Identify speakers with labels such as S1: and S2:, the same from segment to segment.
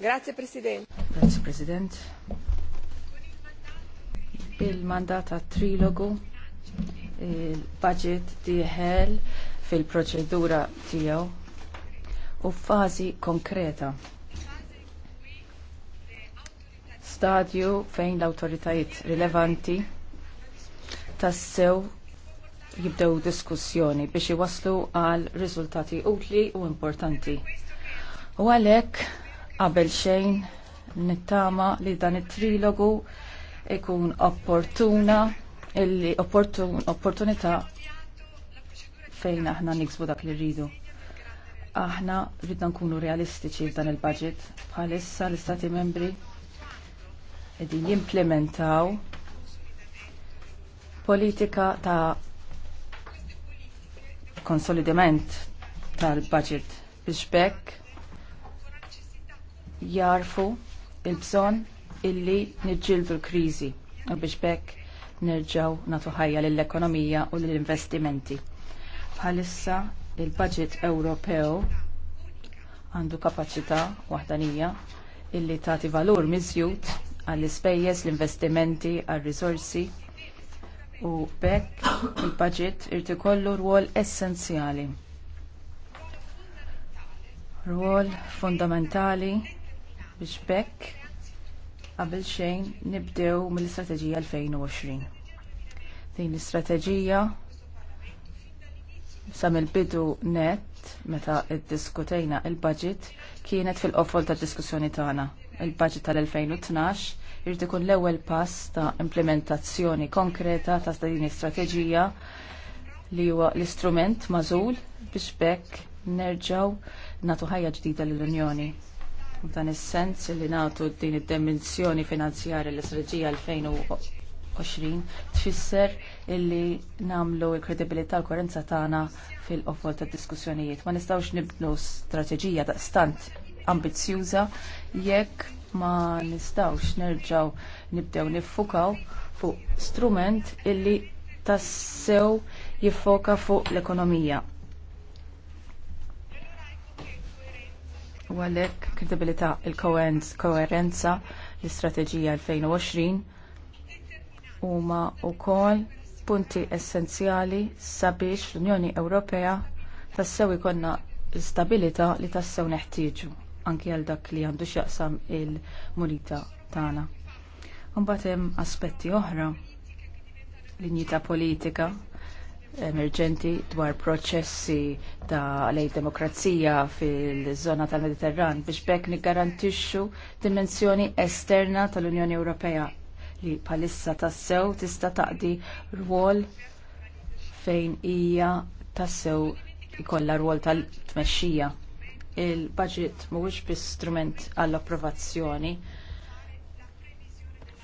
S1: Grazie President. Grazie President. Bil-mandat trilogu il-budget diħel fil-proċedura tiegħu u fażi konkreta. Stadju fejn l-awtoritajiet rilevanti tassew jibdew diskussjoni biex iwaslu għal riżultati utli u importanti U għalek, qabel xejn, nittama li dan it-trilogu ikun opportuna, illi opportun, opportunita fejn aħna niksbu dak li rridu. Aħna ridna nkunu realistiċi f'dan il-budget bħalissa l-Istati membri edi jimplementaw politika ta' konsolidament tal-budget biex bekk jarfu il-bżon illi nġildu l-krizi u biex bekk nerġaw natu ħajja l-ekonomija u l-investimenti. Bħalissa il-budget Ewropew għandu kapacità waħdanija illi tagħti valur miżjud għall-ispejjeż l-investimenti għar risorsi u bekk il-budget irid ikollu rwol essenzjali. Rwol fundamentali biex bekk qabel xejn nibdew mill-istrateġija 2020. Din l-istrateġija sa mill-bidu net meta iddiskutejna il-budget kienet fil-qofol tad diskussjoni tagħna. Il-budget tal-2012 irid ikun l-ewwel pass ta' implementazzjoni konkreta ta' din l-istrateġija li huwa l-istrument mażul biex bekk nerġgħu nagħtu ħajja ġdida lill-Unjoni. F'dan is-sens li nagħtu din id-dimensjoni finanzjarja l-istraġija 2020 tfisser illi nagħmlu l-kredibilità u koerenza tagħna fil-qofol tad diskussjonijiet. Ma nistgħux nibnu strateġija daqstant ambizzjuża jekk ma nistgħux nerġgħu nibdew niffukaw fuq strument illi tassew jiffoka fuq l-ekonomija U għalek, kredibilità il-koerenza l-istrateġija 2020 huma wkoll punti essenzjali sabiex l-Unjoni Ewropea tassew ikonna stabilità li tassew neħtieġu anki għal dak li għandu x'jaqsam il-munita tagħna. Imbagħad hemm aspetti oħra linji ta' politika emerġenti dwar proċessi ta' lej demokrazija fil-zona tal-Mediterran biex bekk niggarantixxu dimensjoni esterna tal-Unjoni Ewropea li palissa tassew tista' taqdi rwol fejn hija tassew ikollha rwol tal-tmexxija. Il-budget mhuwiex biss strument għall-approvazzjoni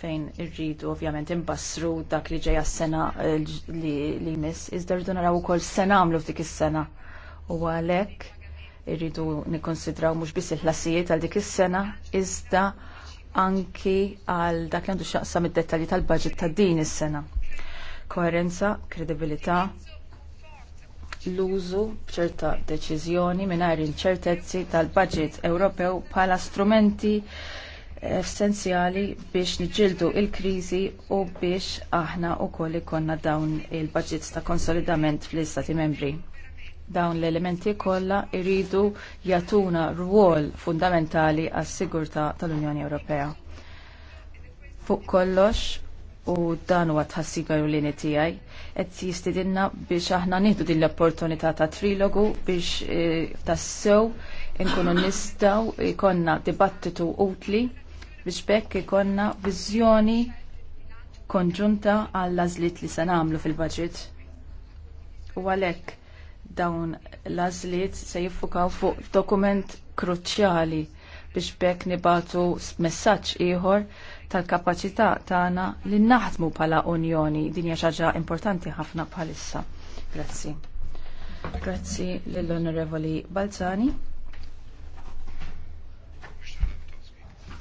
S1: fejn irridu ovvjament imbassru dak li ġeja s-sena eh, li jmiss, iżda rridu naraw ukoll sena għamlu f'dik is-sena. U għalhekk irridu nikkonsidraw mhux biss il-ħlasijiet għal dik is-sena, iżda anki għal dak li għandu xaqsam id-dettalji tal-budget ta' din is-sena. Koerenza, kredibilità, l-użu b'ċerta deċiżjoni mingħajr inċertezzi tal baġit Ewropew bħala strumenti essenzjali biex niġildu il-krizi u biex aħna u koll ikonna dawn il-budgets ta' konsolidament fl-istati membri. Dawn l-elementi kollha iridu jatuna rwol fundamentali għas sigurtà tal-Unjoni Ewropea. Fuq kollox, u dan huwa tħassib ewlieni tiegħi qed jistidilna biex aħna nieħdu din l-opportunità ta' trilogu biex eh, tassew inkunu nistgħu jkollna dibattitu utli biex bekk ikonna viżjoni konġunta għall-azlit li se nagħmlu fil-budget. U għalhekk dawn l-azlit se jiffukaw fuq dokument kruċjali biex bekk nibatu messaġġ ieħor tal-kapaċità tagħna li naħdmu bħala Unjoni din hija ħaġa importanti ħafna bħalissa. Grazzi. Grazzi lill-Onorevoli Balzani.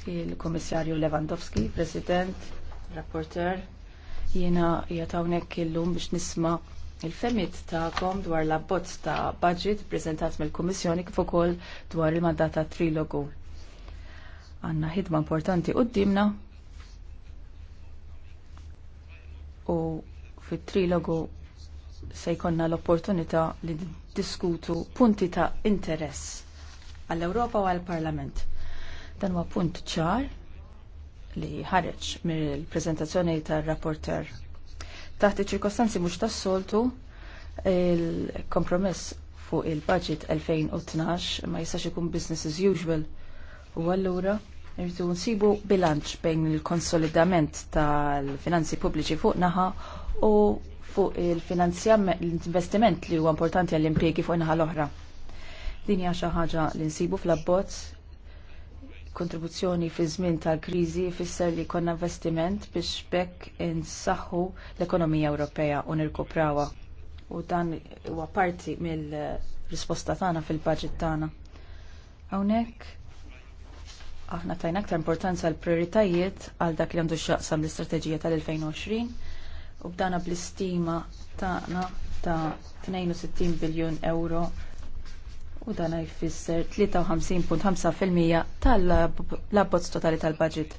S1: il-Komissarju Lewandowski, President, Rapporter, jiena jatawnek il-lum biex nisma il-femit kom dwar la bozz ta' budget prezentat mill-Komissjoni kif ukoll dwar il-mandata trilogu. Għanna ħidma importanti d-dimna u fit-trilogu se jkonna l-opportunità li diskutu punti ta' interess għall-Ewropa u għall-Parlament. Dan huwa punt ċar li ħareġ mill-prezentazzjoni tar-rapporter. Taħt iċ-ċirkostanzi mhux tas-soltu il-kompromess fuq il-budget 2012 ma jistax ikun business as usual. U allura irridu nsibu bilanċ bejn il-konsolidament tal-finanzi pubbliċi fuq naħa u fuq il l-investiment li huwa importanti għall-impjegi fuq naħa l-oħra. Din hija xi ħaġa li nsibu fl-abbozz kontribuzzjoni fi żmien tal-kriżi jfisser li jkollna investiment biex bekk insaħħu l-ekonomija Ewropea u nirkuprawha. U dan huwa parti mill-risposta tagħna fil-baġit tagħna. Hawnhekk aħna tajna aktar importanza l prioritajiet għal dak li għandu x'jaqsam l-istrateġija tal-2020 u bdana bl-istima tagħna ta' 62 biljun euro u dan jfisser 53.5% tal labbozz totali tal-budget.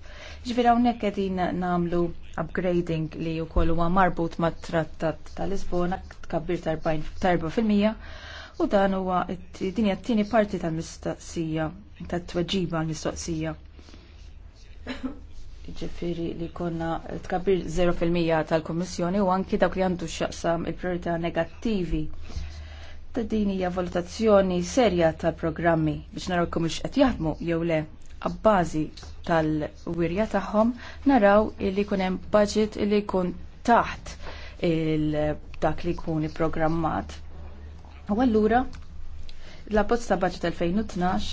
S1: Ġvira unnek għedin namlu upgrading li u kollu huwa marbut ma' trattat tal-Lisbona tkabbir tal 40 u dan huwa dinja t-tieni parti tal-mistoqsija, tat-tweġiba l-mistoqsija. Ġifiri li konna tkabbir 0% tal komissjoni u anki dak li għandu xaqsam il-priorità negattivi Ta' din hija valutazzjoni serja tal-programmi biex naraw kumiex ix qed jaħdmu jew le abbażi tal-wirja tagħhom naraw li jkun hemm budget li jkun taħt dak li jkun programmat. U allura l bozz ta' budget 2012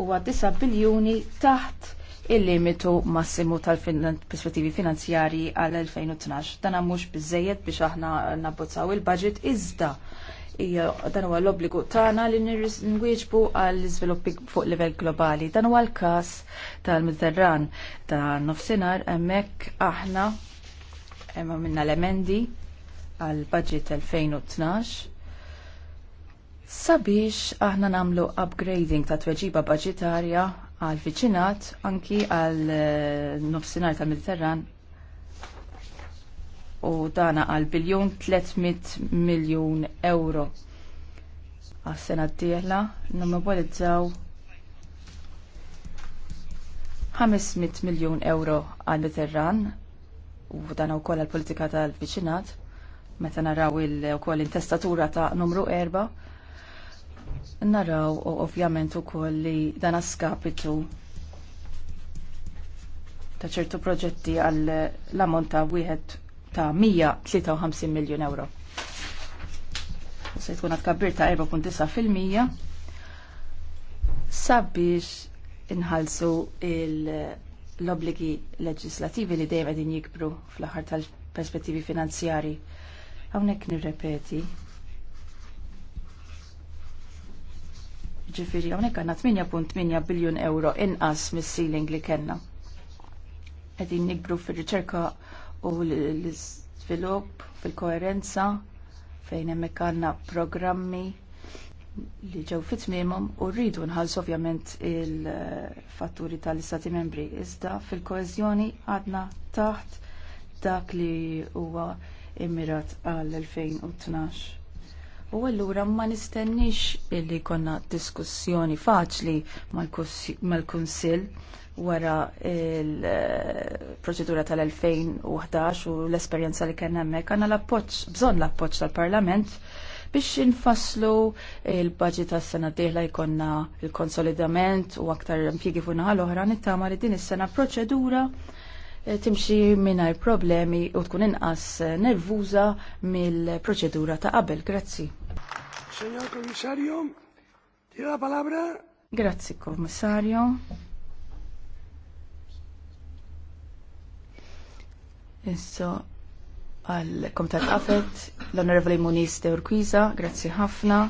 S1: huwa 9 biljuni taħt il-limitu massimu tal-perspettivi finanzjari għal 2012. Dan mhux biżejjed biex aħna nabbozzaw il-budget iżda hija dan huwa l-obbligu tagħna li nwieġbu għall iżviluppi fuq livell globali. Dan huwa l-każ tal-Mediterran ta' nofsinhar hemmhekk aħna hemm minna l-emendi għal budget 2012 sabiex aħna namlu upgrading ta' tweġiba budgetarja għal viċinat anki għal eh, nofsinhar tal-Mediterran u dana għal biljon 300 miljon euro. Għas-sena d-dieħla nomobilizzaw 500 miljon euro għal Mediterran u dan u koll għal-politika tal-vicinat meta naraw il-koll intestatura ta' numru 4 naraw u ovvjament u koll li dan skapitu ta' ċertu proġetti għall l-ammont ta' wieħed ta' 153 miljon euro. Se tkun għatkabbir ta' 4.9% sabiex inħalsu l-obligi leġislativi li dejjem qegħdin jikbru fl-aħħar tal-perspettivi finanzjari. Hawnhekk nirrepeti Ġifieri hawnhekk għandna 8.8 biljun euro inqas mis ceiling li kellna. Qegħdin nikbru fir riċerka u l-iżvilupp fil-koerenza fejn hemmhekk għandna programmi li ġew fit u rridu nħallsu ovvjament il-fatturi tal-Istati Membri. Iżda fil-koeżjoni għadna taħt dak li huwa immirat għal 2012 U allura ma nistennix illi konna diskussjoni faċli mal-Kunsill wara il-proċedura tal-2011 u l-esperjenza li kien hemmhekk għandna l-appoġġ, bżonn l-appoġġ tal-Parlament biex infasslu il-budget tas-sena d-dieħla jkollna il-konsolidament u aktar impjiegi fuq naħa l-oħra nittama li din is-sena proċedura eh, timxi minar problemi u tkun inqas nervuża mill-proċedura ta' qabel. Grazzi.
S2: Signor Commissario, ti la palabra.
S1: Grazie, Commissario. Issa għal Komitat Afet, l-Onorevoli Muniz de Urquiza, grazzi ħafna.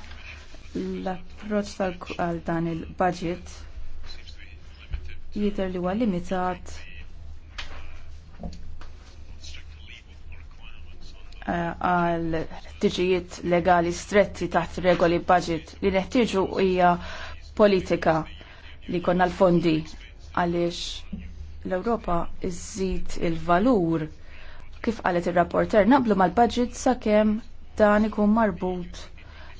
S1: L-approċ tal dan il-budget jider li huwa limitat għal tiġijiet legali stretti taħt regoli budget li neħtieġu hija politika li konna l-fondi għaliex l-Ewropa żżid il-valur kif qalet ir-rapporter naqblu mal-budget sakemm dan ikun marbut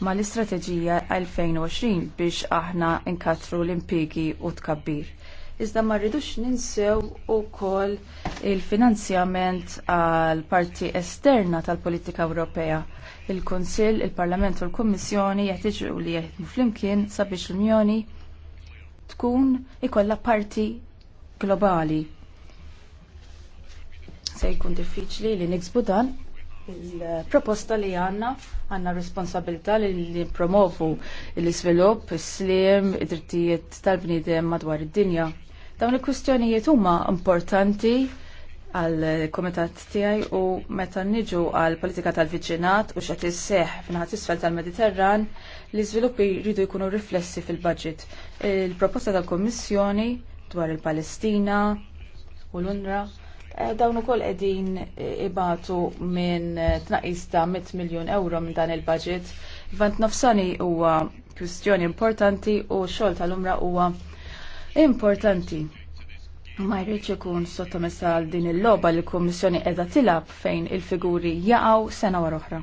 S1: mal-istrateġija 2020 biex aħna nkatru l impjiegi u tkabbir iżda ma rridux ninsew ukoll il-finanzjament għal parti esterna tal-politika Ewropea. Il-Kunsill, il-Parlament u l-Kummissjoni jeħtieġu li jeħdmu flimkien sabiex l-Unjoni tkun ikollha parti globali. Se jkun diffiċli li niksbu dan il-proposta li għanna għanna responsabilità li promovu l-svilup, il-slim, id-drittijiet tal-bnidem madwar id-dinja. Dawn il kustjonijiet huma importanti għal komitat tiegħi u meta niġu għal politika tal-viċinat u x'qed isseħħ f'naħat isfel tal-Mediterran li żviluppi jridu jkunu riflessi fil-budget. Il-proposta tal-Kummissjoni dwar il-Palestina u l-UNRWA eh, dawn ukoll qegħdin ibatu minn tnaqis ta' 100 miljun euro minn dan il-budget. Vant nofsani huwa kwistjoni importanti u xogħol tal-umra huwa importanti. Ma jridx ikun sottomessa għal din il-logħba li l-Kummissjoni qiegħda tilab fejn il-figuri jaqgħu sena wara oħra.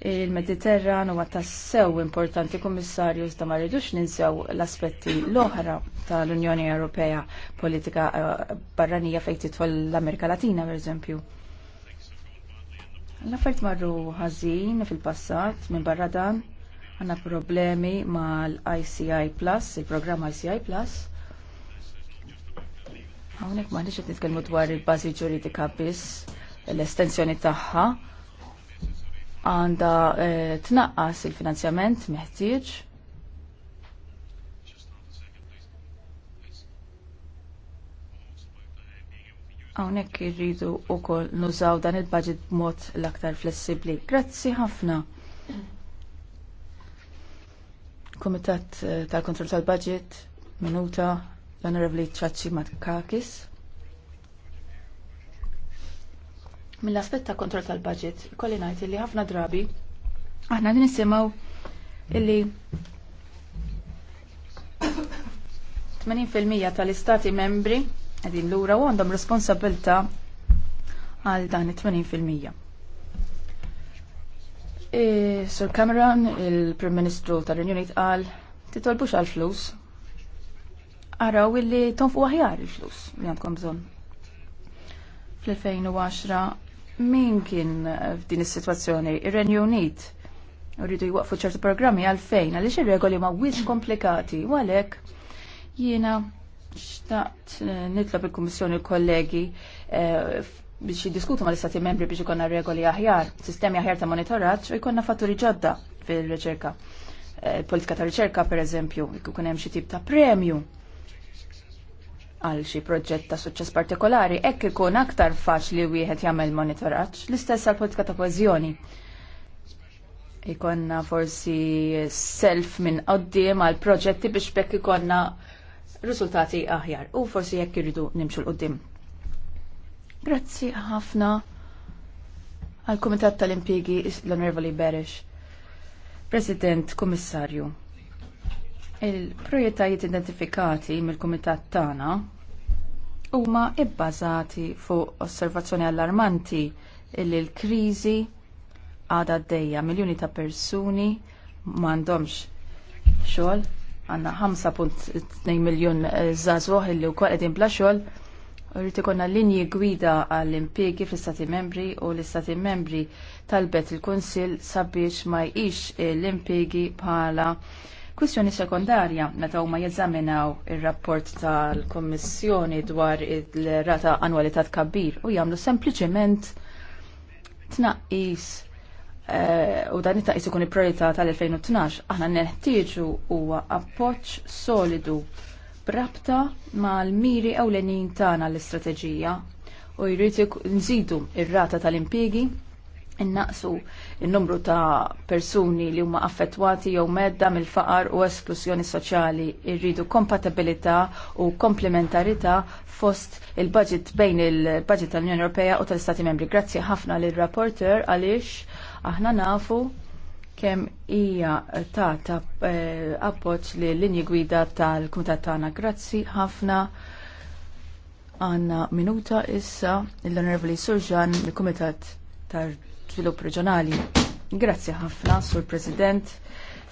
S1: Il-Mediterran huwa tassew importanti kummissarju iżda ma rridux ninsew l-aspetti l-oħra tal-Unjoni Ewropea politika eh, barranija fejn titħol l-Amerika Latina pereżempju. L-affert marru ħażin fil-passat minn barra dan għandna problemi mal-ICI Plus, il-programm ICI Plus Hawnhekk maħdix qed nitkellmu dwar il-bażi ġuridika biss l-estensjoni tagħha għandha eh, tnaqqas il-finanzjament meħtieġ. Hawnhekk irridu wkoll nużaw dan il-budget b'mod l-aktar flessibbli. Grazzi ħafna. Komitat eh, tal-Kontroll tal-Budget, minuta l-Onorevoli Ċaċċi Matkakis. Mill-aspett ta' kontrol tal-budget, kolli ngħid li ħafna drabi aħna din nisimgħu illi 80% tal-istati membri qegħdin lura u għandhom responsabilta għal dan it-80%. E, Sir Sur Cameron, il-Prim Ministru tal-Unjoni għal titolbux għal flus araw illi tonfu aħjar il-flus li għandkom bżon. Fl-2010 min kien f'din is-sitwazzjoni? Ir-Renju Unit. Rridu jwaqfu ċertu programmi għalfejn għaliex ir-regoli ma wiċ komplikati u għalhekk jiena xtaqt eh, nitlob il-Kummissjoni l-kollegi eh, biex jiddiskutu ma l-istati membri biex ikonna regoli aħjar, sistemi aħjar ta' monitoraġġ u jkollna fatturi ġodda fil-riċerka. Eh, politika ta' riċerka, per eżempju, jkun hemm xi tip ta' premju għal xi proġett ta' suċċess partikolari, hekk ikun aktar faċli wieħed jagħmel monitoraġġ l-istess għall politika ta' koeżjoni. Ikonna forsi self minn qoddim għal proġetti biex bekk ikonna riżultati aħjar u forsi jekk irridu nimxu l-qoddim. Grazzi ħafna għal Kumitat tal-Impjegi l-Onorevoli Beresh. President, Kummissarju, Il-projetajiet identifikati mill-Kumitat tagħna huma ibbażati fuq osservazzjoni allarmanti li l-kriżi għadha għaddejja miljuni ta' persuni m'għandhomx xogħol, għandna 5.2 miljun żagħżugħ illi wkoll qegħdin bla xogħol. Rrid ikollna linji gwida għall impjiegi fl-Istati Membri u l-Istati Membri talbet il-Kunsill sabiex ma jqix l-impjiegi bħala Kwistjoni sekondarja, meta huma jeżaminaw ir-rapport tal-Kommissjoni dwar il-rata annwalità kabbir u jagħmlu sempliċement tnaqqis eh, u dan it-taqis ikun il-priorità tal-2012, aħna neħtieġu huwa appoġġ solidu b'rabta mal-miri ewlenin tagħna l-istrateġija u jrid nżidu ir-rata tal-impjiegi innaqsu il-numru ta' persuni li huma affettwati jew medda mill-faqar u esklusjoni soċjali irridu kompatibilità u komplementarità fost il-budget bejn il-budget tal-Unjoni Ewropea u tal-Stati Membri. Grazzi ħafna lil rapporter għaliex aħna nafu kemm hija ta' ta' eh, appoġġ li linji gwida tal-Kumitat tagħna. Grazzi ħafna għanna minuta issa l-Onorevoli Surġan mill-Kumitat tar svilupp reġjonali. Grazzi ħafna, Sur President.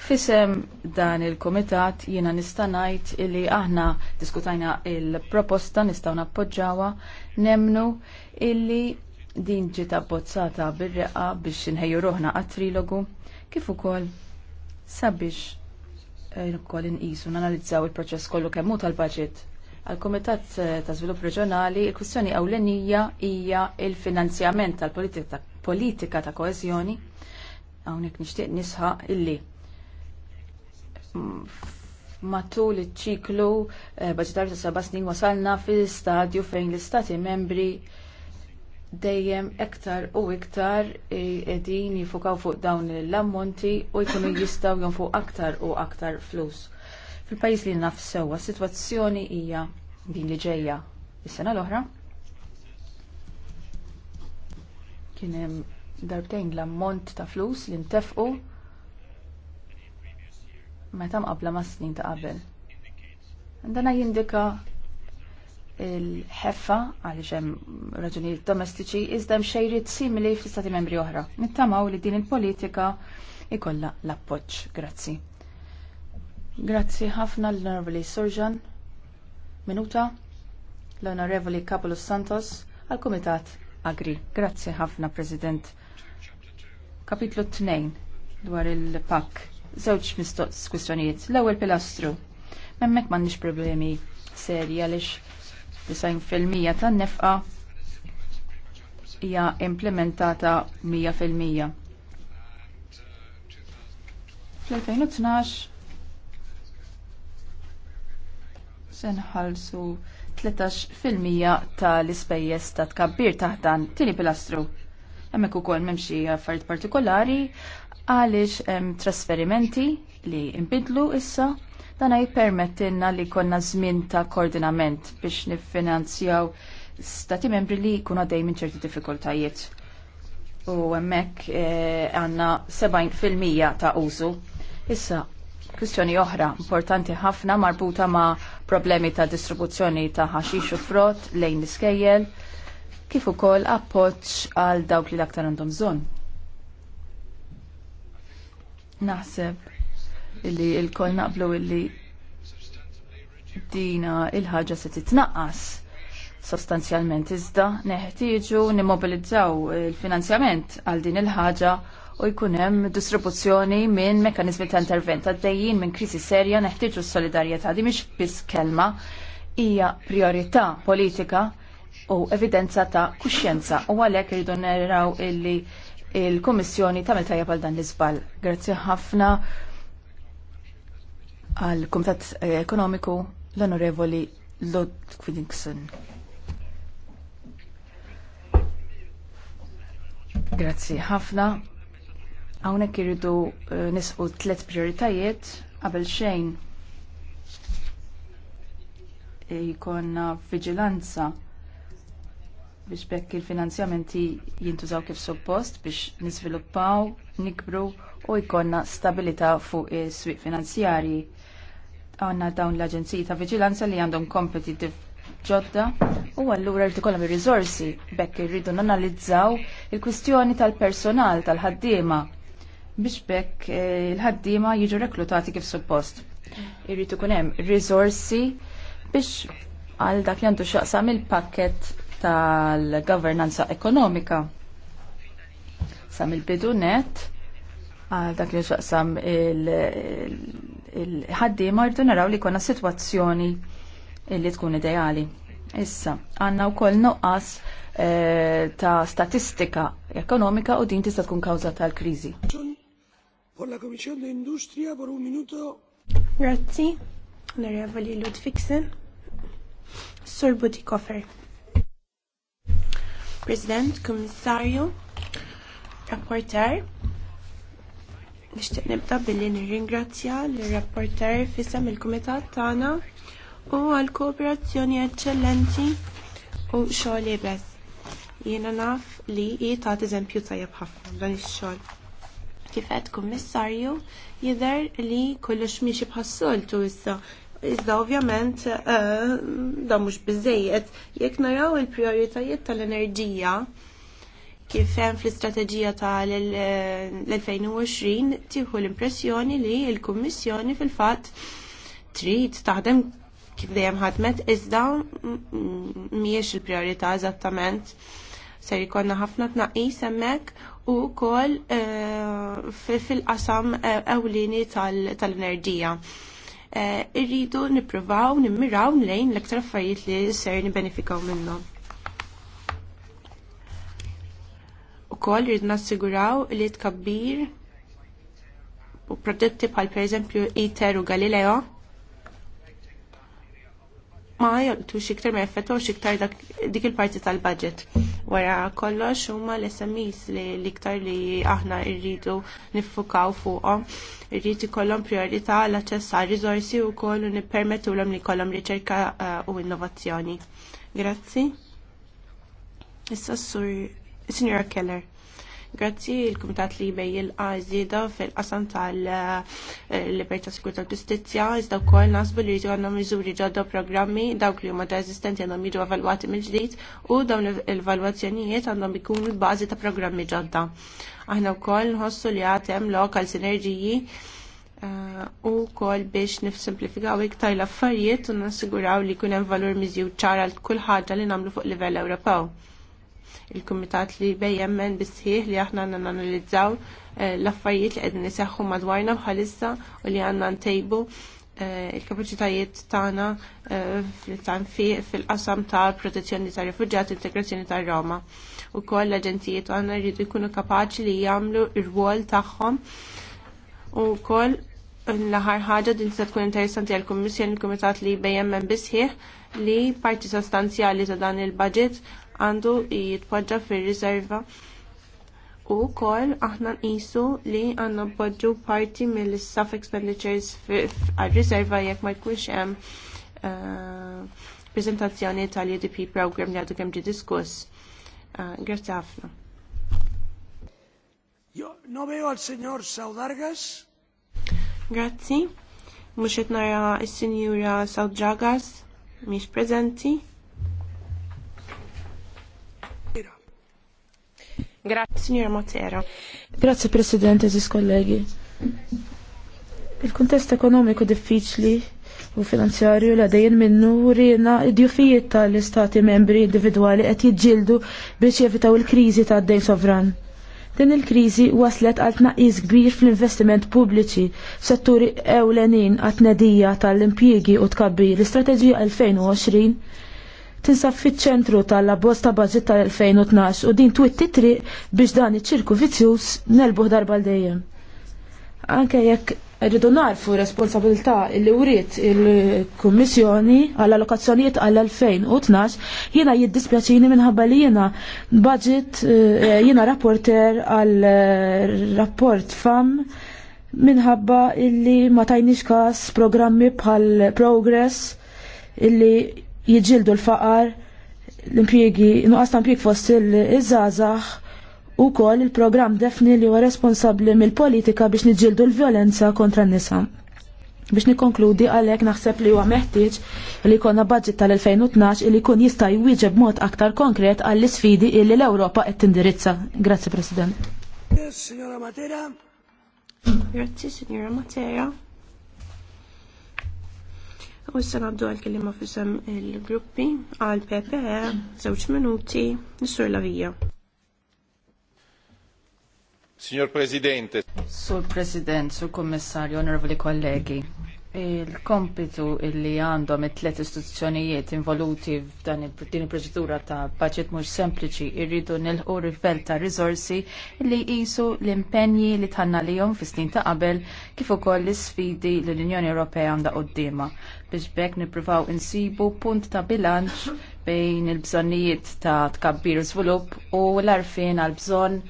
S1: Fisem dan il-komitat jiena nista' ngħid illi aħna diskutajna il-proposta nistgħu nappoġġawha nemnu illi din ġiet abbozzata bir-reqa biex inħejju roħna għat-trilogu kif ukoll sabiex eh, ukoll inqisu nanalizzaw il-proċess kollu kemm hu tal-baġit għal Komitat eh, ta' Żvilupp Reġjonali il-kwistjoni ewlenija hija il-finanzjament tal-politika ta' koeżjoni. Hawnhekk nixtieq nisħa illi matul iċ-ċiklu eh, budġetarju ta' seba' snin wasalna fil-stadju fejn l-istati membri dejjem iktar u iktar qegħdin jifukaw fuq dawn l-ammonti u jkunu jistgħu jonfu aktar u aktar flus Fil-pajis li naf sewa, situazzjoni hija din li ġejja is-sena l-oħra. Kien hemm darbtejn l-ammont ta' flus li ntefqu meta mqabla ma' snin ta' qabel. Dana jindika il-ħeffa għaliex hemm raġunijiet domestiċi iżda hemm xejriet simili fl-istati membri oħra. Nittamaw li din il-politika ikolla l-appoġġ. Grazzi. Grazzi ħafna l-Onorevoli Surjan. Minuta l-Onorevoli Capoulos Santos għal Kumitat Agri. Grazzi ħafna, President. Kapitlu 2 dwar il-PAK. Żewġ mistoqs kwistjonijiet. L-ewwel pilastru. Memmek m'għandniex problemi serji għaliex 90% tan-nefqa hija implementata 100%. Fl-2012 se nħallsu 13% tal-ispejjeż ta' tkabbir taħt dan tieni pilastru. Hemmhekk ukoll memxi xi affarijiet partikolari għaliex hemm trasferimenti li nbidlu issa dan jippermettilna li jkollna żmien ta' koordinament biex niffinanzjaw stati membri li jkunu għaddej minn ċerti diffikultajiet. U hemmhekk eh, għandna 70% ta' użu. Issa, Kwistjoni oħra importanti ħafna marbuta ma' problemi ta' distribuzzjoni ta' ħaxix u frott lejn l-iskejjel kif ukoll appoġġ għal dawk li l-aktar għandhom bżonn. Naħseb li l-koll naqblu illi dina il-ħaġa se titnaqqas sostanzjalment iżda neħtieġu nimmobilizzaw il-finanzjament għal din il-ħaġa u jkun hemm distribuzzjoni minn mekkaniżmi ta' intervent għaddejjin minn kriżi serja neħtieġu s-solidarjetà di mhix biss kelma hija priorità politika u evidenza ta' kuxjenza u għalhekk irridu nerraw illi il-Kummissjoni tagħmel tajja għal dan l-iżball. Grazzi ħafna għal Kumitat eh, Ekonomiku l-Onorevoli Lord Quidingson. Grazzi ħafna. Hawnhekk irridu eh, nisqu tliet prioritajiet qabel xejn e, jkollna viġilanza biex bekk il-finanzjamenti jintużaw kif suppost biex niżviluppaw, nikbru u jkollna stabilità fuq is-swieq finanzjarji. Għandna dawn l-Aġenziji ta' Viġilanza li għandhom competitive ġodda u allura rridu ikollhom ir-riżorsi bekk irridu nanalizzaw il-kwistjoni tal-personal tal-ħaddiema biex bekk il-ħaddiema eh, jiġu reklutati kif suppost. Irritu ikun hemm risorsi biex għal dak li għandu xaqsam il-pakket tal-governanza ekonomika. Sam il-bidu net għal dak li xaqsam il-ħaddima rridu naraw li konna situazzjoni li tkun ideali. Issa, għanna u koll nuqqas eh, ta' statistika ekonomika u din tista' tkun kawza tal-krizi
S2: por la Comisión de Industria por un minuto. Grazie, onorevoli Ludvigsen. Sir Butikofer. President, Komissarju, Rapporteur, nishtiq nibda billi nirringrazzja l-rapporter fissam il-Kumitat Tana u għal-kooperazzjoni eccellenti u xogħol ibes. Jiena naf li ta' tagħti eżempju tajjeb ħafna dan ix-xogħol kifet kummissarju jidher li kollox miexi bħassoltu issa. Iżda ovvjament eh, da mhux biżejjed jekk naraw il-prijoritajiet tal-enerġija kif hemm fl-istrateġija tal-2020 eh, tieħu l-impressjoni li l-Kummissjoni fil-fatt trid taħdem kif dejjem ħadmet iżda mhijiex il-prijorità eżattament ser jkollna ħafna tnaqqis hemmhekk u wkoll eh, fil-qasam eh, ewlieni tal-enerġija. Eh, irridu nippruvaw nimmiraw lejn l-aktar affarijiet li ser nibenefikaw minnhom. kol rridu nassiguraw li tkabbir u prodotti per pereżempju ITER u Galileo ma jolqtux iktar ma jaffettawx iktar dik il-parti tal-budget. Wara kollox huma l-SMEs li l-iktar li aħna rridu niffukaw fuqhom. Irrid ikollhom priorità l-aċċess għal riżorsi wkoll u nippermettulhom li jkollhom riċerka eh, u innovazzjoni. Grazzi. Issa sur Signora Keller. Grazzi il-Kumitat li il-Azida fil-qasam tal-Libertà Sikurta Ġustizzja, iżda wkoll nasbu li jridu għandhom miżuri ġodda programmi dawk li huma ta' eżistenti għandhom jiġu evalwati mill-ġdid u dawn l-evalwazzjonijiet għandhom ikunu bażi ta' programmi ġodda. Aħna wkoll nħossu li għatem lokal sinerġiji Uh, u kol biex nifsimplifikaw iktar l-affarijiet u nassiguraw li kunem valur mizju ċara l-kull li namlu fuq livell Ewropew il-Kumitat li men bisħieħ li aħna nanalizzaw eh, l-affarijiet li qegħdin seħħu madwarna bħalissa u li għandna ntejbu eh, il-kapaċitajiet tagħna eh, fil-qasam ta' protezzjoni ta' rifuġjati integrazzjoni ta' Roma. U koll l-aġentijiet għandna jridu jkunu kapaċi li jagħmlu r-rwol tagħhom u koll l-aħħar ħaġa din se tkun interessanti għal kummissjoni l-Kumitat li bejjem hemm bisħieħ li parti sostanzjali ta' dan il-budget għandu jitpoġġa fir-riserva u wkoll aħna nqisu li għandna poġġu parti mill-staff expenditures għal-riserva jekk ma jkunx hemm eh, prezentazzjoni tal-UDP program li għadu kemm ġi diskuss. Eh, grazzi ħafna. No veo al signor Saudargas. nara il-sinjura Saudargas, miex prezenti. Grazie, signor Mozzero.
S3: Grazie, Presidente, eżis kollegi. Il-kontest ekonomiku diffiċli u finanzjarju la dejjen minnu rina id-djufijiet tal-istati membri individuali qed jiġġieldu biex jevitaw il-kriżi ta' dejn sovran. Din il-kriżi waslet għal tnaqqis kbir fl-investiment pubbliċi f'setturi ewlenin għat-tnedija tal-impjiegi u tkabbir l-istrateġija 2020 tinsab fiċ-ċentru tal-abbozz ta' baġit tal-2012 u din twittitri biex dan iċ-ċirku vizzjus nelbuħ darba l-dejjem. Anke jekk rridu narfu responsabilità li wriet il-Kummissjoni għall allokazzjonijiet għall-2012 jiena jiddispjaċini minħabba li jiena budget eh, jiena rapporter għal rapport fam minħabba illi ma tajniex kas programmi bħal progress illi jiġildu l-faqar, l impiegi nuqqas ta' impjeg fost il-żazax u kol il-program defni li huwa responsabli mill-politika biex niġildu l-violenza kontra n-nisa. Biex nikonkludi għalek naħseb li huwa meħtieġ li jkollna budget tal-2012 li jkun jista' jwieġeb mod aktar konkret għall sfidi illi l-Ewropa qed tindirizza. Grazzi President.
S2: Signora Matera. Grazzi, Signora Matera. U issa nabdu għal-kelima fissam il-gruppi għal PPE, zewċ minuti, Nissur la vija.
S1: Signor Presidente. Sur Presidente, Sur Commissario, onorevoli kollegi. Il-kompitu illi għandhom it-tlet istituzzjonijiet involuti f'dan din il-proċedura ta' budget mhux sempliċi irridu nilħu rivel ta' riżorsi li jqisu l-impenji li tħanna lihom fis-snin ta' qabel kif ukoll l-isfidi li l-Unjoni Ewropea għandha qudiema biex bekk nippruvaw insibu punt ta' bilanċ bejn il-bżonnijiet ta' tkabbir u żvilupp u l għarfien għal bżonn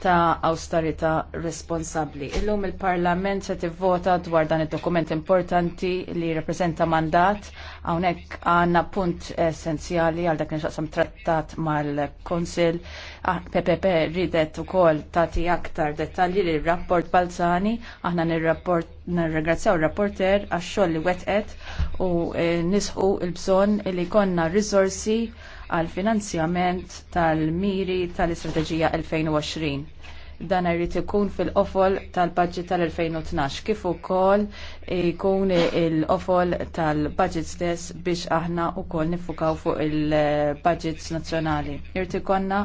S1: ta' austerita responsabli. Illum il-Parlament se tivvota dwar dan id-dokument importanti li rappresenta mandat hawnhekk għandna punt essenzjali għal dak nixaqsam trattat mal-Konsil. PPP ah, ridet ukoll tagħti aktar dettalji li rapport Balzani aħna nirrapport nirringrazzjaw ir-rapporter għax-xogħol li wetqet u eh, nisħu l-bżonn li konna risorsi għal finanzjament tal-miri tal-Istrateġija 2020. Dan irrid ikun fil-qofol tal-budget tal-2012 kif ukoll ikun il-qofol tal-budget stess biex aħna wkoll nifukaw fuq il-budgets nazzjonali. Irrid ikonna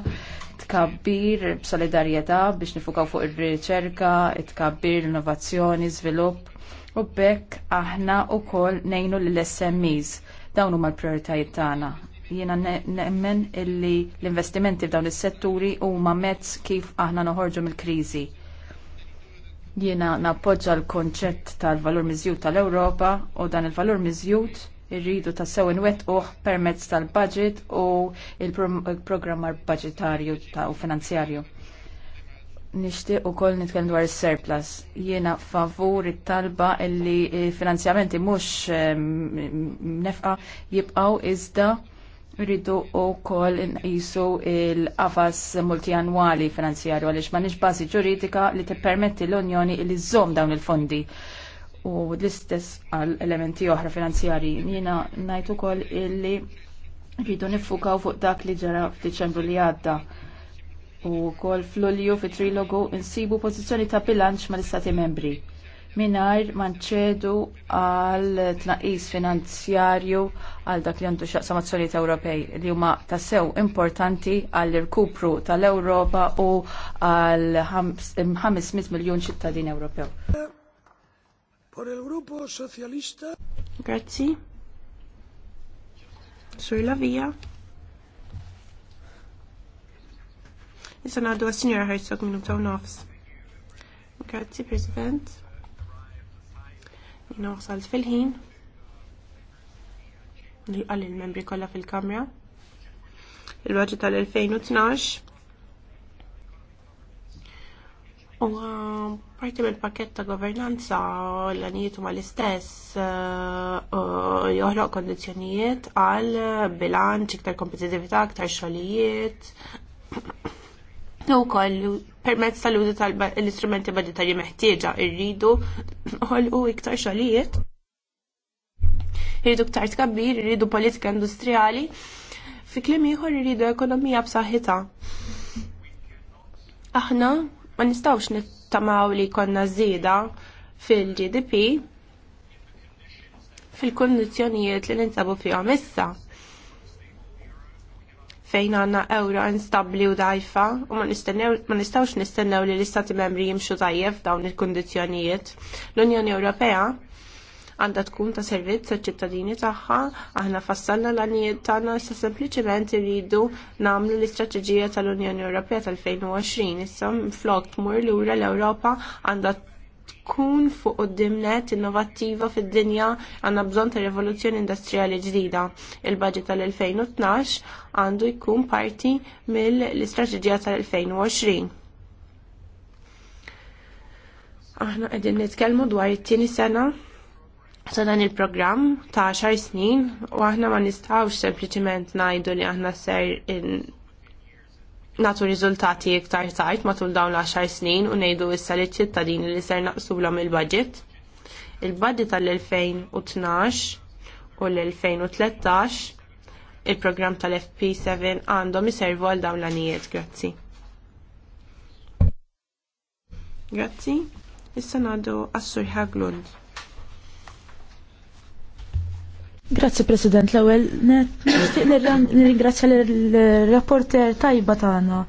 S1: tkabbir b'solidarjetà biex nifukaw fuq ir-riċerka, tkabbir l-innovazzjoni, żvilupp u bekk aħna wkoll ngħinu lill smes Dawn huma l-prijoritajiet tagħna. Jiena nemmen illi l-investimenti f'dawn is-setturi huma mezz kif aħna noħorġu mill-kriżi. Jiena nappoġġa l-konċett tal-valur miżjud tal-Ewropa u dan il-valur miżjud irridu ta' sew inwettquh permezz tal-budget u il-programmar budgetarju ta' u finanzjarju. Nixtieq ukoll nitkellem dwar is-surplus. Jiena favur it-talba illi finanzjamenti mhux ehm, nefqa jibqgħu iżda Rridu u koll nqisu il-qafas multianwali finanzjarju għaliex ma nix bażi ġuridika li tippermetti l-Unjoni li zom dawn il-fondi u l-istess għal elementi oħra finanzjarji. Jiena ngħid ukoll illi rridu nifukaw fuq dak li ġara f'Diċembru li għadda. U kol fl-Ulju fit trilogu insibu pożizzjoni ta' bilanċ mal istati membri minar manċedu għal tnaqis finanzjarju għal dak li għandu xaqsam azzjoniet Ewropej li huma tassew importanti għall irkupru tal-Ewropa u għal 500 miljon ċittadin Ewropew.
S2: Por il gruppo socialista. Grazzi. Sur la via. Issa għaddu għas-Sinjora ta' un nofs. Grazzi, President. Jina għasalt fil-ħin. Għal il-membri kollha fil-kamra. Il-raġi tal-2012. U uh, parti mill pakket ta' governanza l-għanijiet ma l-istess uh, uh, joħloq kondizjonijiet għal bilanċ, iktar kompetitività, iktar xogħlijiet u koll permezz tal-użu tal-istrumenti budgetari meħtieġa irridu ħolqu iktar xogħlijiet. Irridu iktar tkabbir, irridu politika industrijali, fi kliem ieħor irridu ekonomija b'saħħitha. Aħna ma nistgħux nittamaw li konna żieda fil-GDP fil-kondizzjonijiet li ninsabu fihom issa fejn għanna ewra instabli u dajfa u ma nistawx nistennew li l-istati membri jimxu tajjeb dawn il-kondizjonijiet. L-Unjoni Ewropea għanda tkun ta' servizz ta' ċittadini tagħha, aħna fassalna l-għanijiet tagħna issa sempliċement irridu nagħmlu l-istrateġija tal-Unjoni Ewropea tal-2020. Issa flok tmur lura l-Ewropa għandha Kun fuq qoddimnet innovattiva fid-dinja għandna bżonn ta' rivoluzzjoni industrijali ġdida. Il-budget tal-2012 għandu jkun parti mill-istraġeġija tal-2020. Aħna qegħdin nitkellmu dwar it-tieni sena ta' dan il-programm ta' 10 snin u aħna ma nistgħux sempliċiment ngħidu li aħna ser natu rizultati iktar tajt matul dawn l-10 snin u ngħidu issa liċ ċittadini li ser naqsulhom il-budget. Il-budget tal-2012 u l-2013 il-programm tal-FP7 għandhom iservu għal dawn l-anijiet. Grazzi. Grazzi. Issa nadu għassur ħaglund.
S3: Grazzi President l-ewwel nixtieq nirringrazzja l-rapporter tajba tagħna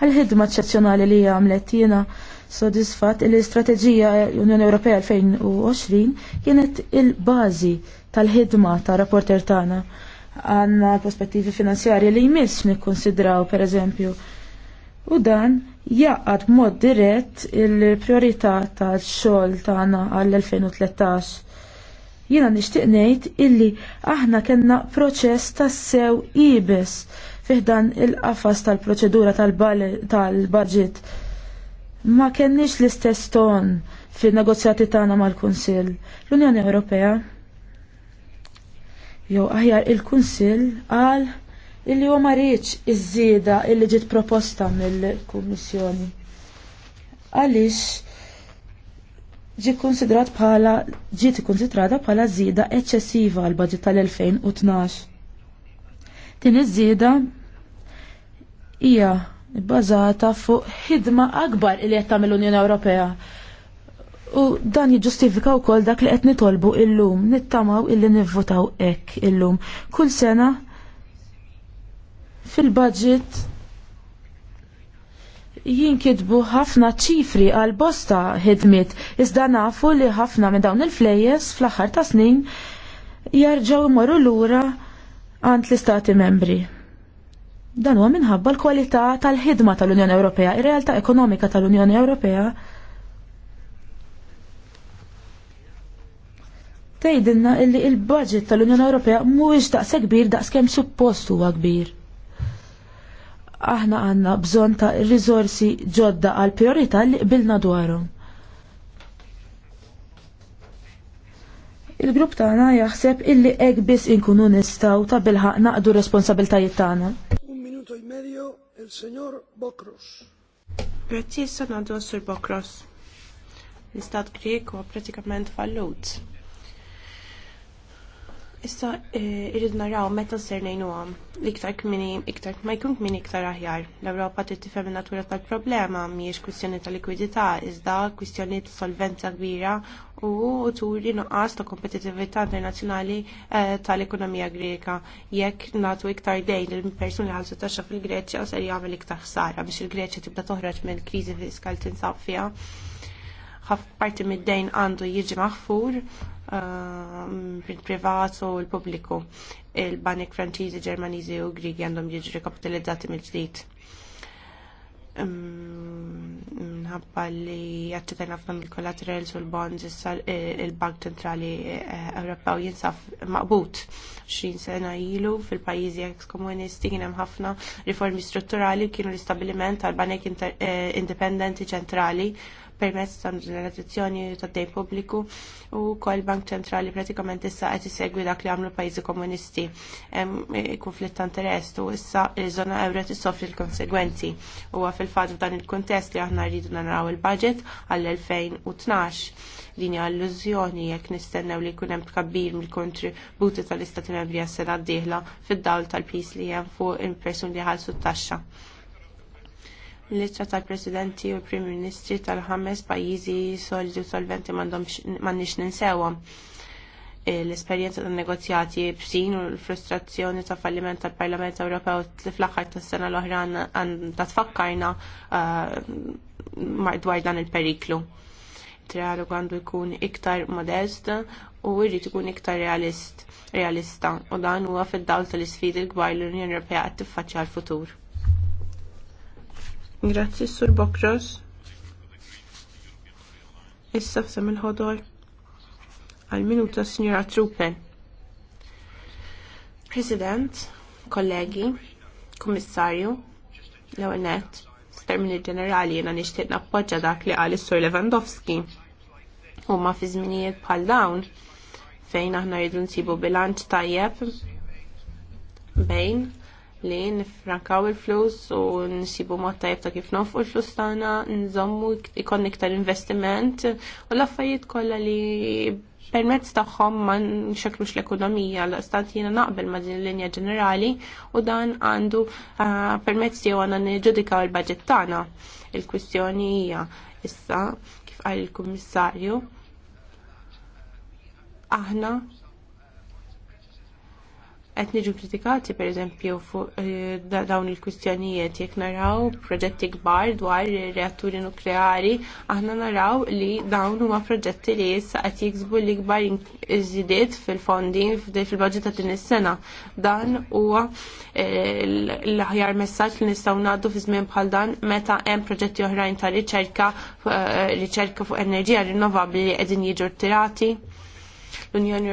S3: għall-ħidma eċċezzjonali li għamlet jiena sodisfatt li l-Istrateġija Unjoni Ewropea 2020 kienet il-bażi tal-ħidma ta' rapporter tagħna għanna prospettivi finanzjarji li jmiss nikkonsidraw pereżempju. U dan jaqgħad mod dirett il-priorità tax-xogħol tagħna għall-2013 Jiena nixtieq ngħid illi aħna kellna proċess tassew ibes fiħdan il-qafas tal-proċedura tal-budget. Ma kenniex l-istess ton fin-negozjati tagħna mal-Kunsill. L-Unjoni Ewropea jew aħjar il-Kunsill qal illi huwa marriċ iż-żieda illi ġiet proposta mill-Kummissjoni. Għaliex ġi konsidrat bħala ġiet konsidrata bħala żieda eċċessiva għal budget tal-2012. Din iż-żieda hija bbażata fuq ħidma akbar li qed tagħmel l-Unjoni Ewropea. U dan jiġġustifika wkoll dak li qed nitolbu illum, nittamaw illi nivvotaw hekk illum. Kull sena fil-budget jinkitbu ħafna ċifri għal bosta ħidmit, iżda nafu li ħafna minn dawn il-flejjes fl-aħħar ta' snin jarġaw imorru lura għand l-istati membri. Dan huwa minħabba l-kwalità tal-ħidma tal-Unjoni Ewropea, ir-realtà ekonomika tal-Unjoni Ewropea. Tgħidilna illi il-budget tal-Unjoni Ewropea mhuwiex daqs kbir daqs kemm suppost huwa kbir aħna għanna bżon ta' rizorsi ġodda għal priorità li qbilna dwarhom. Il-grupp tagħna jaħseb illi hekk biss inkunu nistgħu ta' bilħaq naqdu responsabiltajiet tagħna. Un minuto
S2: y e medio il-Senjor Bokros. Grazzi s-sanadu Sur Bokros. L-Istat Grek huwa pratikament fallut Issa eh, irrid naraw meta ser nejnu għam. Iktar kmini, iktar ma jkun kmini iktar aħjar. L-Ewropa trid tifhem natura tal-problema mhijiex kwistjoni ta' likwidità, iżda kwistjoni ta' solvenza kbira u turi nuqqas ta' kompetitività internazzjonali eh, tal-ekonomija Greka. Jekk nagħtu iktar dejn il-persuni ħalsu taxxa fil-Greċja ser jagħmel iktar ħsara biex il-Greċja tibda toħroġ mill-kriżi fiskal tinsab fiha parti mid-dejn għandu jiġi maħfur ehm, privat u l-pubbliku. Il-banik Franċiżi, Ġermaniżi u Grigi għandhom jiġu rikapitalizzati mill-ġdid. Ehm, Nħabba li jattetajn ħafna mill-collaterals u l-bonds il-Bank Centrali eh, Ewropew jinsaf maqbut. Xin sena ilu fil-pajizi ex komunisti kien hemm ħafna riformi strutturali kienu l-istabiliment tal-banek eh, indipendenti ċentrali permezz ta' l ta' dejn pubbliku u kol Bank Ċentrali pratikament issa qed isegwi dak li għamlu pajjiżi komunisti. Hemm e, e, konflitt ta' interess u issa l żona ewra tissofri l-konsegwenzi. Huwa fil-fatt f'dan il-kuntest li aħna rridu naraw il-budget għall-2012 din hija allużjoni jekk nistennew li jkun hemm tkabbir mill-kontributi tal-Istati Membri għas-sena d-dieħla fid-dawl tal-pis li hemm fuq il-persuni li ħalsu t-taxxa l-lista tal-presidenti u l-prim ministri tal-ħames pajjiżi soldi u solventi m'għandniex ninsewhom. E, l-esperjenza tan negozjati b'sin u l-frustrazzjoni ta' falliment tal-Parlament Ewropew fl-aħħar tas-sena l-oħra ta' tfakkarna e, dwar dan il-periklu. Trialogu għandu jkun iktar modest u jrid ikun iktar realist, realista u dan huwa fid-dawl tal-isfidi l-kbar l-Unjoni Ewropea qed tiffaċċja l-futur. Grazzi, Sur Bokros. Issa f'sem il-ħodor għal-minuta Signora Truppen. President, kollegi, kummissarju, l-għonet, termini ġenerali jena nishtiq nappoġġa dak li għal sur Lewandowski. U ma fi żminijiet bħal dawn fejn aħna rridu nsibu bilanċ tajjeb bejn li nifrankaw il-flus u nsibu mod tajjeb ta' kif nofqu l-flus tagħna, nżommu ikon iktar investiment u l-affarijiet kollha li permezz tagħhom ma nxekklux l-ekonomija l stat jiena naqbel ma' din linja ġenerali u dan għandu ah, permezz tiegħu għandna niġġudikaw il budget tagħna. Il-kwistjoni hija issa kif qal il-Kummissarju aħna qed niġu kritikati pereżempju fuq eh, dawn il-kwistjonijiet jekk naraw proġetti kbar dwar reatturi nukleari, aħna naraw li dawn huma proġetti li issa qed jiksbu l-ikbar iżidiet fil-fondi fil-budget ta' din is-sena. Dan huwa eh, l-aħjar messaġġ li nistgħu ngħaddu fi żmien bħal dan meta hemm proġetti oħrajn ta' riċerka eh, riċerka fuq enerġija rinnovabbli li qegħdin jiġu rtirati l-Unjoni